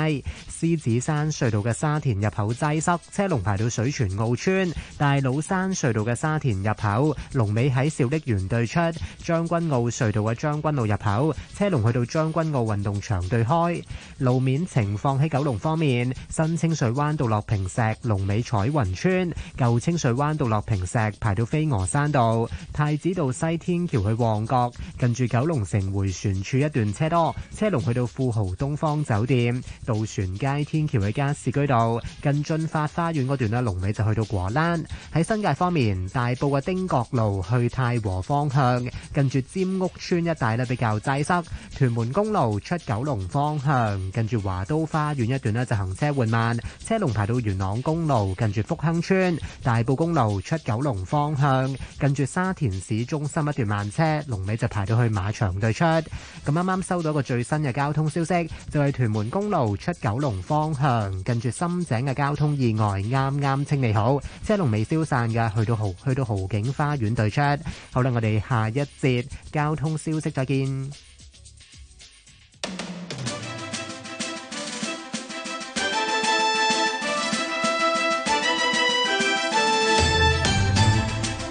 獅子山隧道嘅沙田入口擠塞，車龍排到水泉澳村大老山隧道嘅沙田入口，龍尾喺兆瀝園對出。將軍澳隧道嘅將軍澳入口，車龍去到將軍澳運動場對開。路面情況喺九龍方面，新清水灣到落坪石，龍尾彩雲村舊清水灣到落坪石，排到飛鵝山道。太子道西天橋去旺角，近住九龍城迴旋處一段車多，車龍去到富豪東方康酒店、渡船街天橋嘅加士居道，近駿發花園嗰段咧，龍尾就去到果欄。喺新界方面，大埔嘅丁角路去太和方向，近住尖屋村一帶咧比較擠塞。屯門公路出九龍方向，近住華都花園一段咧，就行車緩慢，車龍排到元朗公路近住福亨村、大埔公路出九龍方向，近住沙田市中心一段慢車，龍尾就排到去馬場對出。咁啱啱收到一個最新嘅交通消息。就係屯門公路出九龍方向，近住深井嘅交通意外，啱啱清理好，車龍未消散㗎，去到豪去到豪景花園對出。好啦，我哋下一節交通消息再見。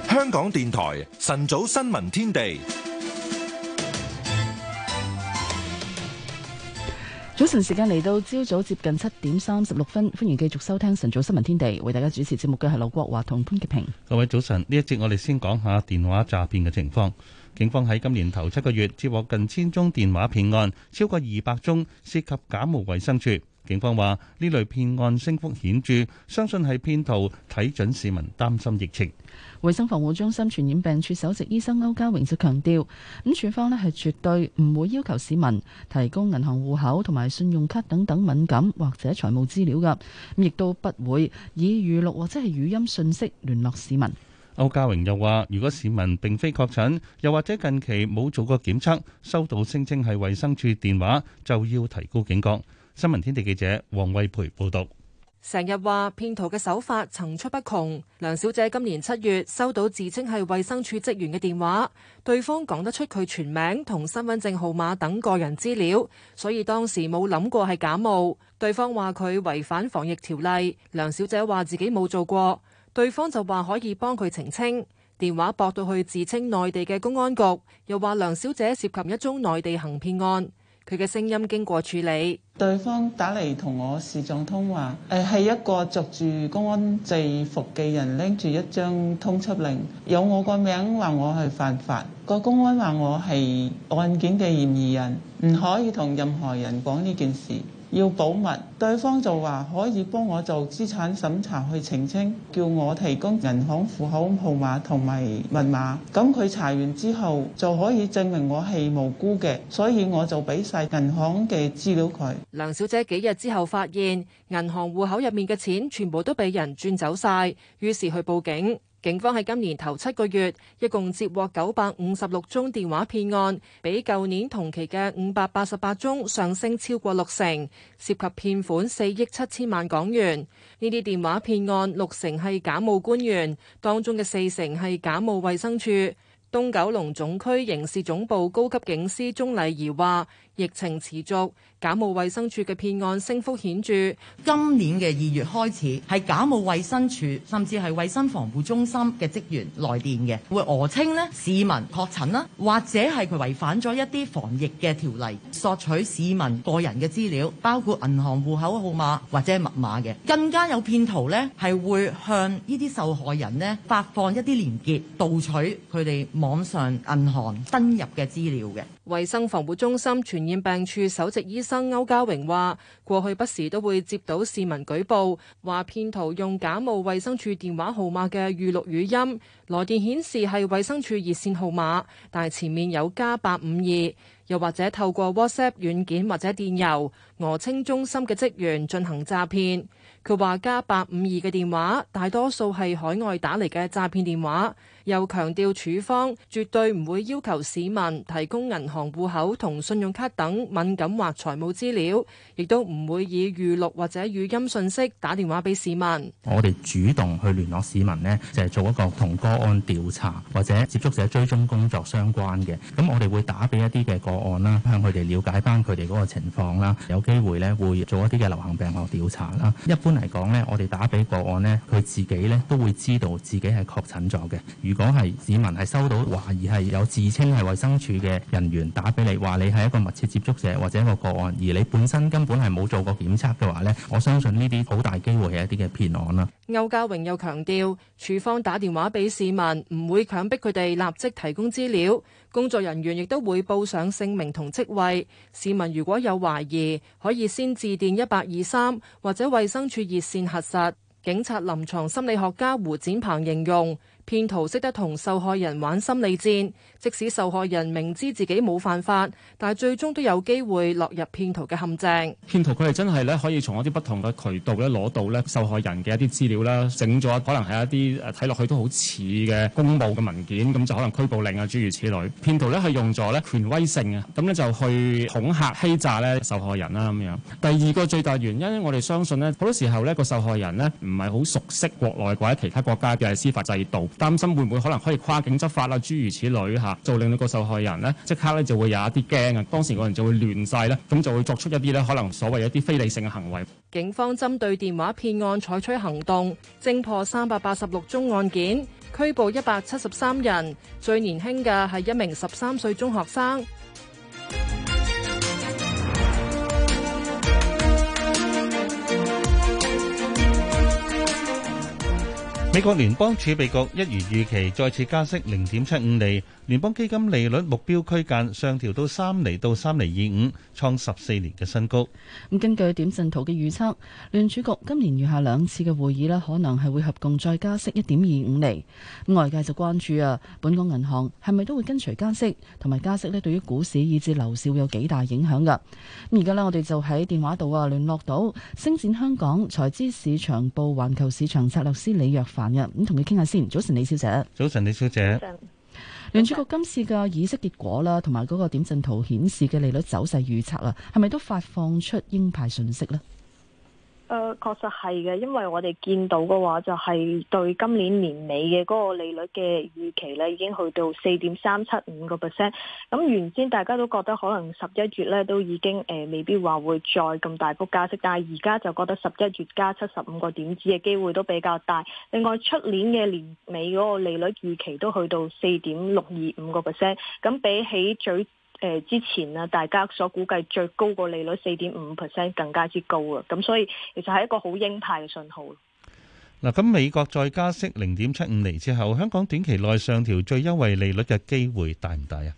香港電台晨早新聞天地。早晨時間嚟到朝早接近七點三十六分，歡迎繼續收聽晨早新聞天地，為大家主持節目嘅係劉國華同潘潔平。各位早晨，呢一節我哋先講下電話詐騙嘅情況。警方喺今年頭七個月接獲近千宗電話騙案，超過二百宗涉及假冒衛生署。警方話呢類騙案升幅顯著，相信係騙徒睇準市民擔心疫情。衛生防護中心傳染病處首席醫生歐家榮就強調，咁處方咧係絕對唔會要求市民提供銀行戶口同埋信用卡等等敏感或者財務資料噶，亦都不會以語錄或者係語音信息聯絡市民。歐家榮又話，如果市民並非確診，又或者近期冇做過檢測，收到聲稱係衛生處電話，就要提高警覺。新聞天地記者王偉培報道。成日話騙徒嘅手法層出不窮。梁小姐今年七月收到自稱係衛生署職員嘅電話，對方講得出佢全名同身份證號碼等個人資料，所以當時冇諗過係假冒。對方話佢違反防疫條例，梁小姐話自己冇做過，對方就話可以幫佢澄清。電話駁到去自稱內地嘅公安局，又話梁小姐涉及一宗內地行騙案。佢嘅聲音經過處理，對方打嚟同我視像通話，誒係一個着住公安製服嘅人拎住一張通緝令，有我個名，話我係犯法，個公安話我係案件嘅嫌疑人，唔可以同任何人講呢件事。要保密，對方就話可以幫我做資產審查去澄清，叫我提供銀行戶口號碼同埋密碼。咁佢查完之後就可以證明我係無辜嘅，所以我就俾晒銀行嘅資料佢。梁小姐幾日之後發現銀行戶口入面嘅錢全部都被人轉走晒，於是去報警。警方喺今年頭七個月，一共接獲九百五十六宗電話騙案，比舊年同期嘅五百八十八宗上升超過六成，涉及騙款四億七千萬港元。呢啲電話騙案六成係假冒官員，當中嘅四成係假冒衛生署。東九龍總區刑事總部高級警司鍾麗儀話。疫情持續，假冒衛生署嘅騙案升幅顯著。今年嘅二月開始，係假冒衛生署甚至係衞生防護中心嘅職員來電嘅，會訛稱呢市民確診啦，或者係佢違反咗一啲防疫嘅條例，索取市民個人嘅資料，包括銀行戶口號碼或者密碼嘅。更加有騙徒呢，係會向呢啲受害人呢，發放一啲連結，盜取佢哋網上銀行登入嘅資料嘅。衛生防護中心傳染病處首席醫生歐家榮話，過去不時都會接到市民舉報，話騙徒用假冒衛生處電話號碼嘅預錄語音來電顯示係衛生處熱線號碼，但係前面有加八五二，52，又或者透過 WhatsApp 軟件或者電郵訛稱中心嘅職員進行詐騙。佢話加八五二嘅電話，大多數係海外打嚟嘅詐騙電話。又強調處方絕對唔會要求市民提供銀行戶口同信用卡等敏感或財務資料，亦都唔會以預錄或者語音訊息打電話俾市民。我哋主動去聯絡市民呢就係做一個同個案調查或者接觸者追蹤工作相關嘅。咁我哋會打俾一啲嘅個案啦，向佢哋了解翻佢哋嗰個情況啦。有機會呢，會做一啲嘅流行病學調查啦。一般嚟講呢，我哋打俾個案呢，佢自己呢都會知道自己係確診咗嘅。如講係市民係收到懷疑係有自稱係衛生署嘅人員打俾你，話你係一個密切接觸者或者一個個案，而你本身根本係冇做過檢測嘅話呢，我相信呢啲好大機會係一啲嘅騙案啦。歐家榮又強調，處方打電話俾市民唔會強迫佢哋立即提供資料，工作人員亦都會報上姓名同職位。市民如果有懷疑，可以先致電一八二三或者衛生署熱線核實。警察臨床心理學家胡展鵬形容，騙徒識得同受害人玩心理戰，即使受害人明知自己冇犯法，但係最終都有機會落入騙徒嘅陷阱。騙徒佢哋真係咧，可以從一啲不同嘅渠道咧攞到咧受害人嘅一啲資料啦，整咗可能係一啲誒睇落去都好似嘅公佈嘅文件，咁就可能拘捕令啊諸如此類。騙徒咧係用咗咧權威性啊，咁咧就去恐嚇、欺詐咧受害人啦咁樣。第二個最大原因，我哋相信呢，好多時候呢個受害人呢唔係好熟悉國內或者其他國家嘅司法制度。擔心會唔會可能可以跨境執法啦，諸如此類嚇，就令到個受害人呢即刻咧就會有一啲驚啊，當時個人就會亂晒咧，咁就會作出一啲咧可能所謂一啲非理性嘅行為。警方針對電話騙案採取行動，偵破三百八十六宗案件，拘捕一百七十三人，最年輕嘅係一名十三歲中學生。美國聯邦儲備局一如預期再次加息零點七五厘，聯邦基金利率目標區間上調到三厘到三厘二五，創十四年嘅新高。咁根據點陣圖嘅預測，聯儲局今年餘下兩次嘅會議咧，可能係會合共再加息一點二五厘。外界就關注啊，本港銀行係咪都會跟隨加息，同埋加息咧對於股市以至樓市會有幾大影響噶？咁而家呢，我哋就喺電話度啊聯絡到星展香港財資市場部環球市場策略師李若凡。咁同佢傾下先。早晨，李小姐。早晨，李小姐。聯儲局今次嘅議息結果啦，同埋嗰個點陣圖顯示嘅利率走勢預測啊，係咪都發放出鷹派訊息呢？誒、呃、確實係嘅，因為我哋見到嘅話就係對今年年尾嘅嗰個利率嘅預期呢，已經去到四點三七五個 percent。咁原先大家都覺得可能十一月呢都已經誒、呃、未必話會再咁大幅加息，但係而家就覺得十一月加七十五個點子嘅機會都比較大。另外出年嘅年尾嗰個利率預期都去到四點六二五個 percent。咁比起最誒，之前呢，大家所估計最高個利率四點五 percent 更加之高啊，咁所以其實係一個好鷹派嘅信號。嗱，咁美國再加息零點七五厘之後，香港短期內上調最優惠利率嘅機會大唔大啊？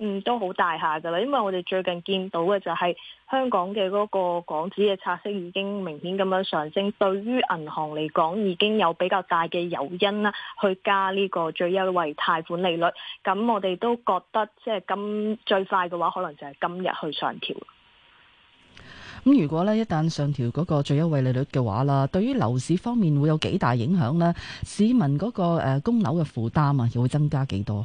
嗯，都好大下噶啦，因為我哋最近見到嘅就係香港嘅嗰個港紙嘅拆息已經明顯咁樣上升，對於銀行嚟講已經有比較大嘅誘因啦，去加呢個最優惠貸款利率。咁我哋都覺得即係今最快嘅話，可能就係今日去上調。咁如果咧一旦上調嗰個最優惠利率嘅話啦，對於樓市方面會有幾大影響咧？市民嗰個誒供樓嘅負擔啊，又會增加幾多？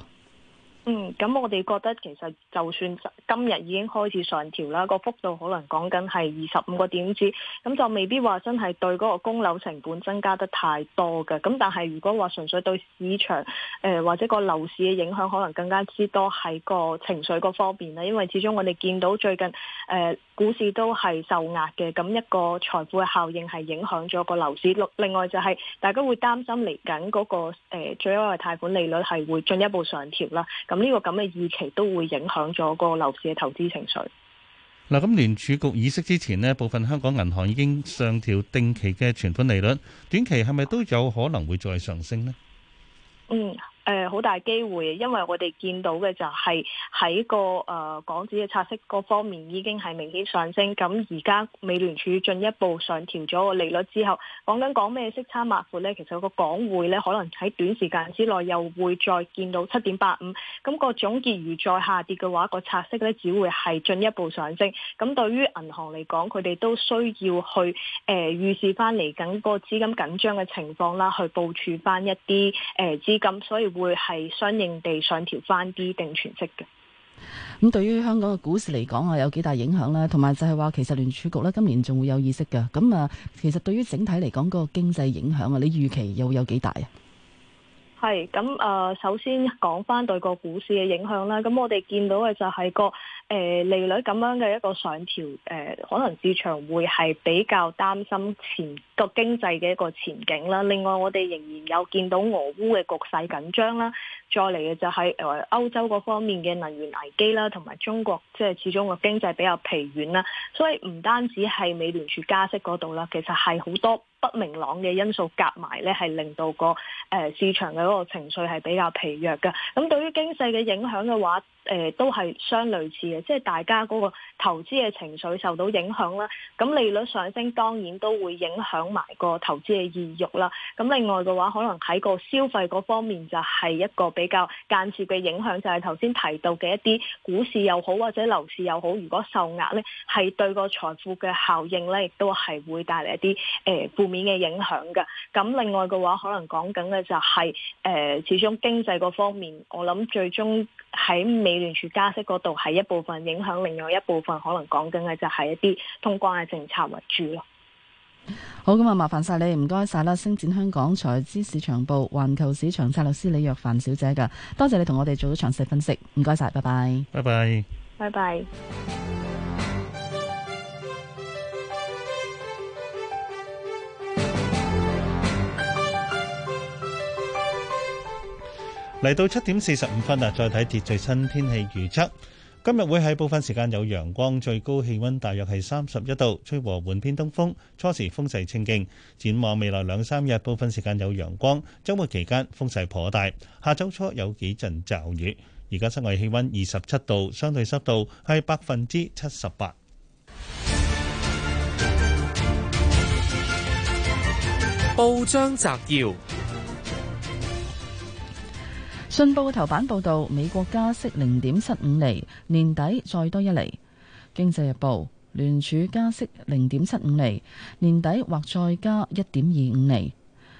嗯，咁我哋覺得其實就算今日已經開始上調啦，個幅度可能講緊係二十五個點子，咁就未必話真係對嗰個供樓成本增加得太多嘅。咁但係如果話純粹對市場誒、呃、或者個樓市嘅影響可能更加之多係個情緒嗰方面啦。因為始終我哋見到最近誒、呃、股市都係受壓嘅，咁一個財富嘅效應係影響咗個樓市。另外就係大家會擔心嚟緊嗰個誒、呃、最優惠貸款利率係會進一步上調啦。咁呢個咁嘅預期都會影響咗個樓市嘅投資情緒。嗱，咁聯儲局議息之前呢，部分香港銀行已經上調定期嘅存款利率，短期係咪都有可能會再上升呢？嗯。誒，好、呃、大機會，因為我哋見到嘅就係喺個誒、呃、港紙嘅拆息各方面已經係明顯上升。咁而家美聯儲進一步上調咗個利率之後，講緊港美息差擴闊呢，其實個港匯呢可能喺短時間之內又會再見到七點八五。咁個總結餘再下跌嘅話，個拆息呢只會係進一步上升。咁對於銀行嚟講，佢哋都需要去誒預、呃、示翻嚟緊個資金緊張嘅情況啦，去部署翻一啲誒資金，所以，會係相應地上調翻啲定存息嘅。咁、嗯、對於香港嘅股市嚟講啊，有幾大影響啦？同埋就係話，其實聯儲局咧今年仲會有意識嘅。咁、嗯、啊，其實對於整體嚟講嗰個經濟影響啊，你預期又有幾大啊？係咁啊，首先講返對個股市嘅影響啦。咁我哋見到嘅就係個誒、呃、利率咁樣嘅一個上調，誒、呃、可能市場會係比較擔心前個經濟嘅一個前景啦。另外，我哋仍然有見到俄烏嘅局勢緊張啦，再嚟嘅就係誒歐洲嗰方面嘅能源危機啦，同埋中國即係始終個經濟比較疲軟啦。所以唔單止係美聯儲加息嗰度啦，其實係好多不明朗嘅因素夾埋咧，係令到個誒市場嘅嗰個情緒係比較疲弱嘅。咁對於經濟嘅影響嘅話。誒，都係相類似嘅，即係大家嗰個投資嘅情緒受到影響啦。咁利率上升當然都會影響埋個投資嘅意欲啦。咁另外嘅話，可能喺個消費嗰方面就係一個比較間接嘅影響，就係頭先提到嘅一啲股市又好或者樓市又好，如果受壓咧，係對個財富嘅效應咧，亦都係會帶嚟一啲誒負面嘅影響嘅。咁另外嘅話，可能講緊嘅就係誒，始終經濟嗰方面，我諗最終喺未。美聯儲加息嗰度係一部分影響，另外一部分可能講緊嘅就係一啲通關嘅政策為主咯。好咁啊，麻煩晒你，唔該晒啦。星展香港財資市場部環球市場策略師李若凡小姐㗎，多謝你同我哋做咗詳細分析，唔該晒，拜拜，拜拜，拜拜。嚟到七點四十五分喇，再睇跌最新天氣預測。今日會喺部分時間有陽光，最高氣温大約係三十一度，吹和緩偏東風，初時風勢清勁。展望未來兩三日，部分時間有陽光，周末期間風勢頗大，下週初有幾陣驟雨。而家室外氣温二十七度，相對濕度係百分之七十八。報章摘要。信報嘅頭版報導，美國加息零點七五厘，年底再多一厘；經濟日報聯儲加息零點七五厘，年底或再加一點二五厘。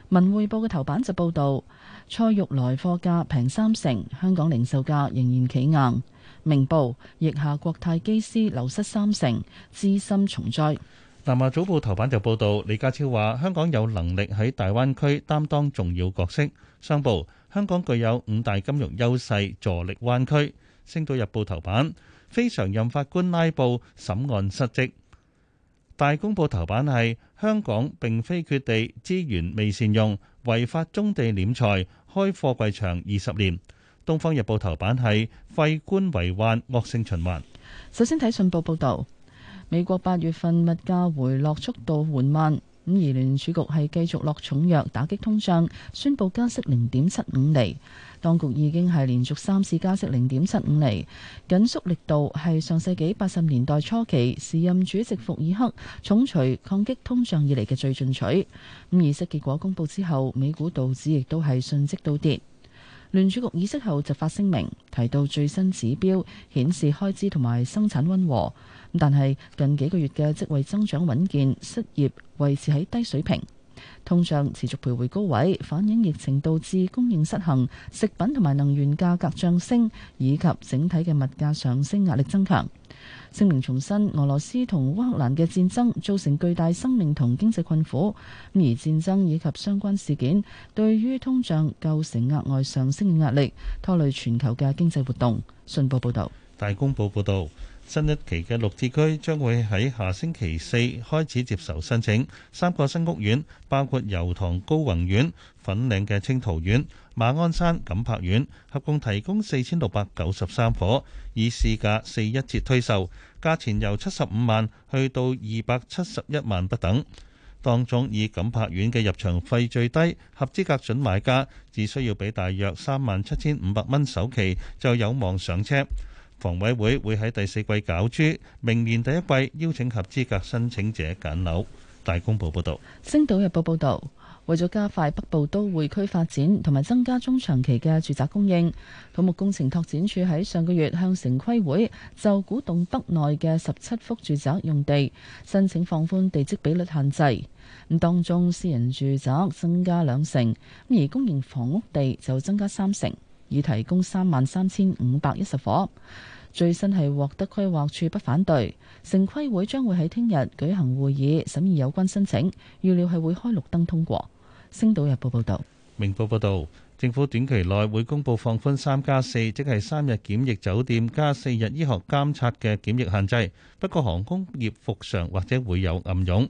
文匯報嘅頭版就報導，菜肉來貨價平三成，香港零售價仍然企硬。明報疫下國泰機師流失三成，資深重災。南華早報頭版就報道，李家超話香港有能力喺大灣區擔當重要角色。商報香港具有五大金融優勢，助力灣區。星島日報頭版，非常任法官拉布審案失職。大公報頭版係香港並非缺地，資源未善用，違法棕地斂財，開貨櫃場二十年。東方日報頭版係廢官為患，惡性循環。首先睇信報報道。美國八月份物價回落速度緩慢，咁而聯儲局係繼續落重藥打擊通脹，宣布加息零點七五厘。當局已經係連續三次加息零點七五厘，緊縮力度係上世紀八十年代初期時任主席福爾克重錘抗擊通脹以嚟嘅最進取。咁議息結果公佈之後，美股道指亦都係瞬即倒跌。聯儲局議息後就發聲明提到，最新指標顯示開支同埋生產溫和。但係近幾個月嘅職位增長穩健，失業維持喺低水平，通脹持續徘徊高位，反映疫情導致供應失衡、食品同埋能源價格上升以及整體嘅物價上升壓力增強。聲明重申，俄羅斯同烏克蘭嘅戰爭造成巨大生命同經濟困苦，而戰爭以及相關事件對於通脹構成額外上升嘅壓力，拖累全球嘅經濟活動。信報報道。大公報報道。新一期嘅綠置居將會喺下星期四開始接受申請，三個新屋苑包括油塘高宏苑、粉嶺嘅青桃苑、馬鞍山錦柏苑，合共提供四千六百九十三伙，以市價四一折推售，價錢由七十五萬去到二百七十一萬不等。當中以錦柏苑嘅入場費最低，合資格準買家只需要俾大約三萬七千五百蚊首期就有望上車。房委會會喺第四季攪珠，明年第一季邀請合資格申請者揀樓。大公報報道，星島日報報道，為咗加快北部都會區發展同埋增加中長期嘅住宅供應，土木工程拓展署喺上個月向城規會就古洞北內嘅十七幅住宅用地申請放寬地積比率限制。咁當中私人住宅增加兩成，而公營房屋地就增加三成。已提供三萬三千五百一十伙，最新係獲得規劃處不反對，城規會將會喺聽日舉行會議審議有關申請，預料係會開綠燈通過。星島日報報道，明報報道，政府短期內會公布放寬三加四，即係三日檢疫酒店加四日醫學監察嘅檢疫限制。不過，航空業復常或者會有暗湧。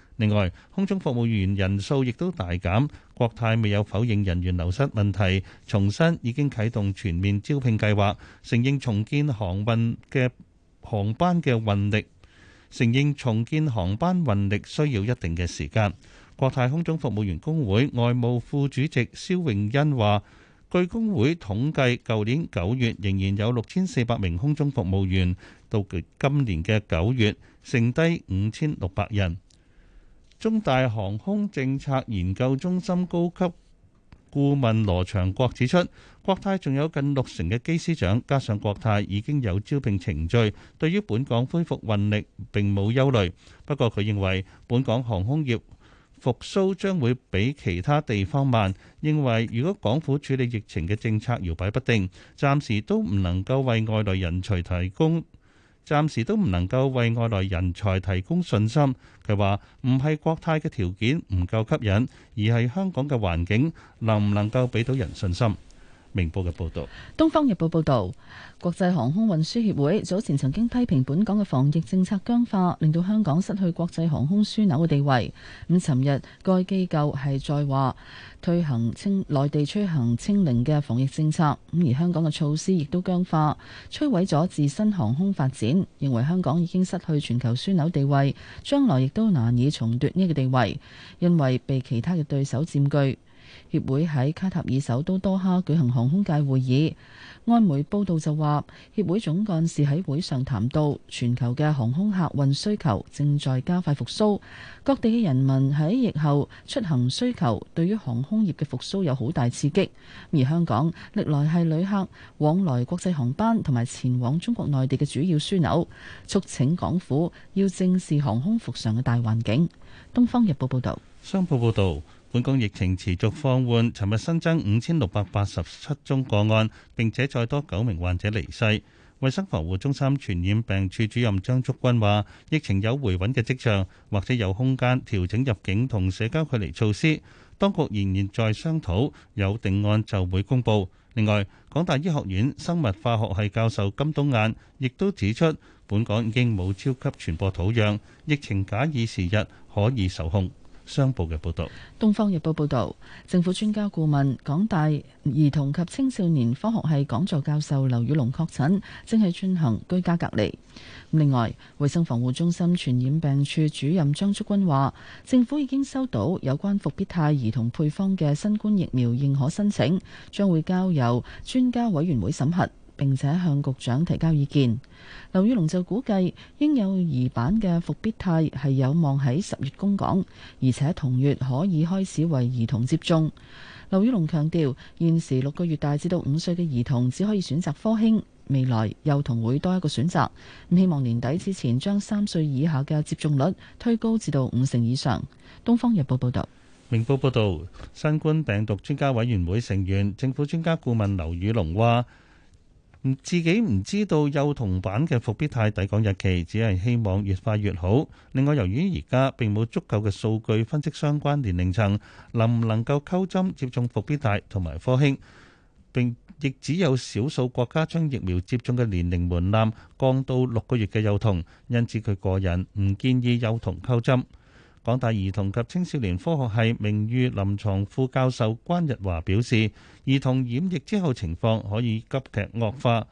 另外，空中服務員人數亦都大減。國泰未有否認人員流失問題，重申已經啟動全面招聘計劃，承認重建航運嘅航班嘅運力，承認重建航班運力需要一定嘅時間。國泰空中服務員工會外務副主席肖永欣話，據工會統計，舊年九月仍然有六千四百名空中服務員，到今年嘅九月剩低五千六百人。中大航空政策研究中心高級顧問羅祥國指出，國泰仲有近六成嘅機師長，加上國泰已經有招聘程序，對於本港恢復運力並冇憂慮。不過佢認為本港航空業復甦將會比其他地方慢，認為如果港府處理疫情嘅政策搖擺不定，暫時都唔能夠為外來人才提供。暫時都唔能夠為外來人才提供信心。佢話：唔係國泰嘅條件唔夠吸引，而係香港嘅環境能唔能夠畀到人信心。明報嘅報導，《東方日報》報導，國際航空運輸協會早前曾經批評本港嘅防疫政策僵化，令到香港失去國際航空樞紐嘅地位。咁，尋日該機構係再話，推行清內地推行清零嘅防疫政策，咁而香港嘅措施亦都僵化，摧毀咗自身航空發展，認為香港已經失去全球樞紐地位，將來亦都難以重奪呢個地位，因為被其他嘅對手佔據。協會喺卡塔爾首都多哈舉行航空界會議，外媒報道就話，協會總幹事喺會上談到，全球嘅航空客運需求正在加快復甦，各地嘅人民喺疫後出行需求對於航空業嘅復甦有好大刺激。而香港歷來係旅客往來國際航班同埋前往中國內地嘅主要樞紐，促請港府要正視航空復常嘅大環境。《東方日報》報道，《商報》報道。本港疫情持續放緩，尋日新增五千六百八十七宗個案，並且再多九名患者離世。衞生防護中心傳染病處主任張竹君話，疫情有回穩嘅跡象，或者有空間調整入境同社交距離措施。當局仍然在商討，有定案就會公佈。另外，港大醫學院生物化學系教授金冬雁亦都指出，本港已經冇超級傳播土壤，疫情假以時日可以受控。商報嘅報道，《東方日報》報道，政府專家顧問、港大兒童及青少年科學系講座教授劉宇龍確診，正係進行居家隔離。另外，衛生防護中心傳染病處主任張竹君話，政府已經收到有關復必泰兒童配方嘅新冠疫苗認可申請，將會交由專家委員會審核。並且向局長提交意見。劉宇龍就估計嬰幼兒版嘅復必泰係有望喺十月供港，而且同月可以開始為兒童接種。劉宇龍強調，現時六個月大至到五歲嘅兒童只可以選擇科興，未來幼童會多一個選擇。咁希望年底之前將三歲以下嘅接種率推高至到五成以上。《東方日報》報導。《明報》報導，新冠病毒專家委員會成員、政府專家顧問劉宇龍話。自己唔知道幼童版嘅復必泰抵港日期，只係希望越快越好。另外，由於而家並冇足夠嘅數據分析相關年齡層，能唔能夠溝針接種復必泰同埋科興並亦只有少數國家將疫苗接種嘅年齡門檻降到六個月嘅幼童，因此佢個人唔建議幼童溝針。港大兒童及青少年科學系名譽臨床副教授關日華表示。兒童染疫之後情況可以急劇惡化，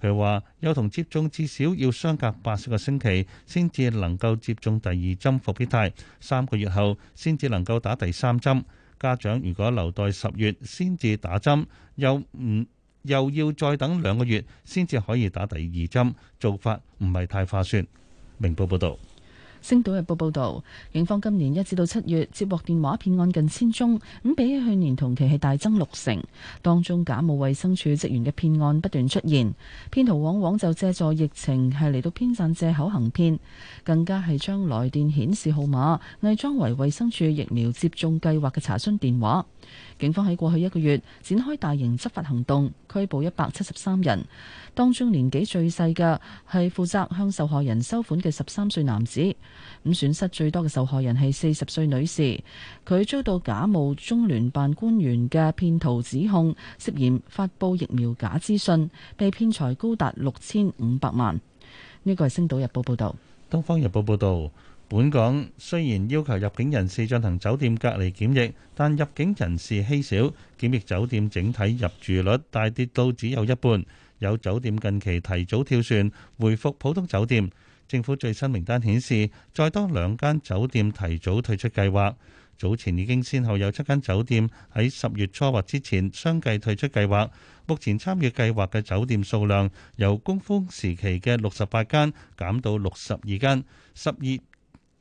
佢話幼童接種至少要相隔八十個星期先至能夠接種第二針復必泰，三個月後先至能夠打第三針。家長如果留待十月先至打針，又唔又要再等兩個月先至可以打第二針，做法唔係太划算。明報報導。星島日報報道，警方今年一至到七月接獲電話騙案近千宗，咁比去年同期係大增六成。當中，假冒衛生署職員嘅騙案不斷出現，騙徒往往就借助疫情係嚟到編撰借口行騙，更加係將來電顯示號碼偽裝為衛生署疫苗接種計劃嘅查詢電話。警方喺過去一個月展開大型執法行動，拘捕一百七十三人，當中年紀最細嘅係負責向受害人收款嘅十三歲男子。咁損失最多嘅受害人係四十歲女士，佢遭到假冒中聯辦官員嘅騙徒指控，涉嫌發布疫苗假資訊，被騙財高達六千五百萬。呢個係《星島日報》報道。《東方日報》報道。本港雖然要求入境人士進行酒店隔離檢疫，但入境人士稀少，檢疫酒店整體入住率大跌到只有一半。有酒店近期提早跳船，回復普通酒店。政府最新名單顯示，再多兩間酒店提早退出計劃。早前已經先後有七間酒店喺十月初或之前相繼退出計劃。目前參與計劃嘅酒店數量由高峰時期嘅六十八間減到六十二間，十二。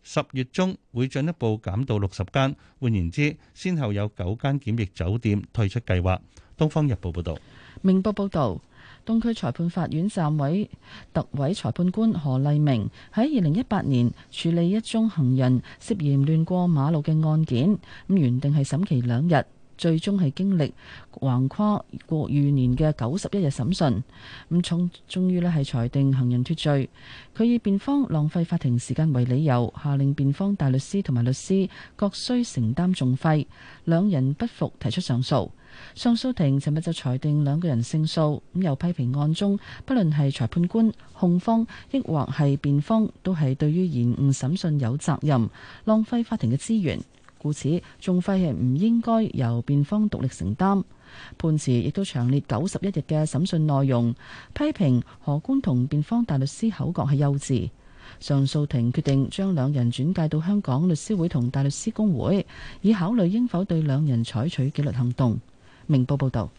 十月中會進一步減到六十間，換言之，先後有九間檢疫酒店退出計劃。《東方日報》報道。明報報道，東區裁判法院暫委特委裁判官何麗明喺二零一八年處理一宗行人涉嫌亂過馬路嘅案件，咁原定係審期兩日。最終係經歷橫跨過逾年嘅九十一日審訊，咁終終於咧係裁定行人脱罪。佢以辯方浪費法庭時間為理由，下令辯方大律師同埋律師各需承擔訟費。兩人不服提出上訴，上訴庭尋日就裁定兩個人勝訴，咁又批評案中不論係裁判官、控方，抑或係辯方，都係對於延誤審訊有責任，浪費法庭嘅資源。故此，仲費係唔應該由辯方獨立承擔。判詞亦都詳列九十一日嘅審訊內容，批評何官同辯方大律師口角係幼稚。上訴庭決定將兩人轉介到香港律師會同大律師公會，以考慮應否對兩人採取紀律行動。明報報道，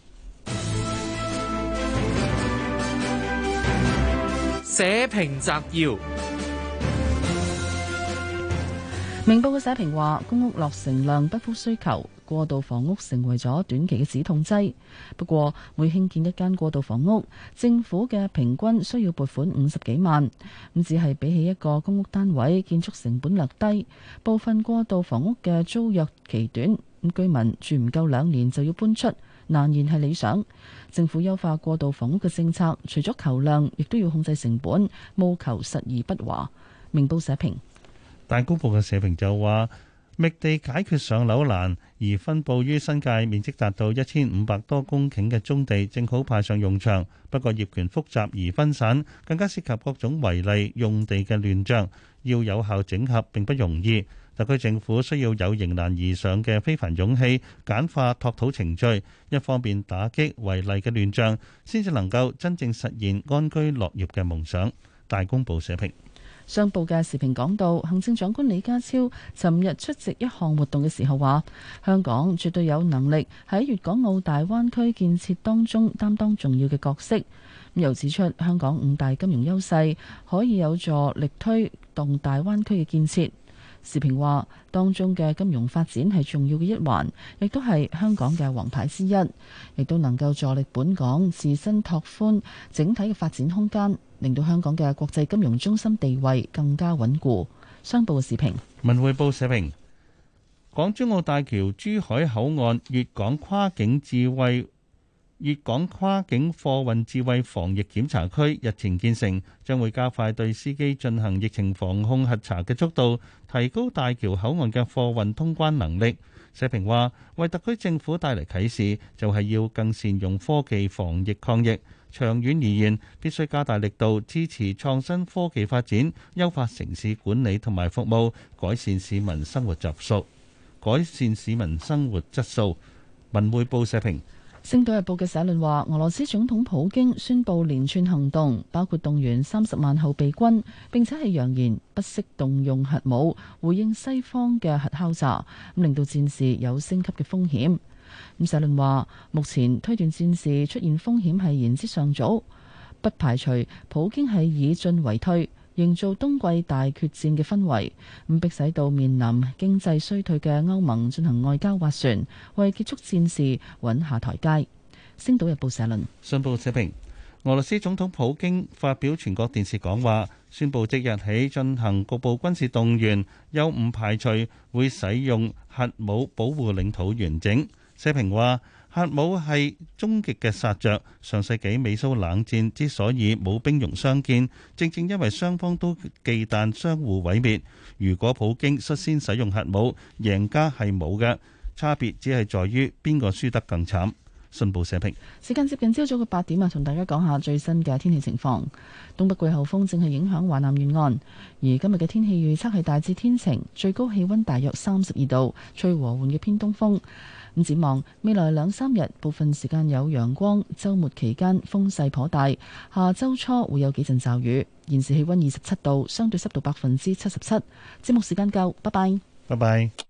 社評摘要。明報嘅社評話：公屋落成量不敷需求，過渡房屋成為咗短期嘅止痛劑。不過，每興建一間過渡房屋，政府嘅平均需要撥款五十幾萬，咁只係比起一個公屋單位建築成本略低。部分過渡房屋嘅租約期短，居民住唔夠兩年就要搬出，難言係理想。政府優化過渡房屋嘅政策，除咗求量，亦都要控制成本，務求實而不華。明報社評。大公報嘅社評就話，覓地解決上樓難，而分佈於新界面積達到一千五百多公頃嘅棕地，正好派上用場。不過業權複雜而分散，更加涉及各種違例用地嘅亂象，要有效整合並不容易。特區政府需要有迎難而上嘅非凡勇氣，簡化拓土程序，一方面打擊違例嘅亂象，先至能夠真正實現安居樂業嘅夢想。大公報社評。商報嘅時評講到，行政長官李家超尋日出席一項活動嘅時候話：香港絕對有能力喺粵港澳大灣區建設當中擔當重要嘅角色。又指出，香港五大金融優勢可以有助力推動大灣區嘅建設。時評話，當中嘅金融發展係重要嘅一環，亦都係香港嘅王牌之一，亦都能夠助力本港自身拓寬整體嘅發展空間。令到香港嘅國際金融中心地位更加穩固。商報嘅時評，文匯報社評：港珠澳大橋珠海口岸粵港跨境智慧、粵港跨境貨運智慧防疫檢查區日前建成，將會加快對司機進行疫情防控核查嘅速度，提高大橋口岸嘅貨運通關能力。社評話，為特區政府帶嚟啟示，就係要更善用科技防疫抗疫。長遠而言，必須加大力度支持創新科技發展，優化城市管理同埋服務，改善市民生活習俗，改善市民生活質素。文匯報社評，《星島日報》嘅社論話：俄羅斯總統普京宣布連串行動，包括動員三十萬後備軍，並且係揚言不惜動用核武，回應西方嘅核敲詐，令到戰事有升級嘅風險。社論話：目前推斷戰事出現風險係言之尚早，不排除普京係以進為退，營造冬季大決戰嘅氛圍，咁迫使到面臨經濟衰退嘅歐盟進行外交斡旋，為結束戰事搵下台階。《星島日報》社論。上報社評：俄羅斯總統普京發表全國電視講話，宣布即日起進行局部軍事動員，又唔排除會使用核武保護領土完整。社評話：核武係終極嘅殺着。上世紀美蘇冷戰之所以冇兵戎相見，正正因為雙方都忌憚相互毀滅。如果普京率先使用核武，贏家係冇嘅，差別只係在於邊個輸得更慘。信報社評。時間接近朝早嘅八點啊，同大家講下最新嘅天氣情況。東北季候風正係影響華南沿岸，而今日嘅天氣預測係大致天晴，最高氣溫大約三十二度，吹和緩嘅偏東風。展望未來兩三日，部分時間有陽光；周末期間風勢頗大，下周初會有幾陣驟雨。現時氣溫二十七度，相對濕度百分之七十七。節目時間夠，拜拜。拜拜。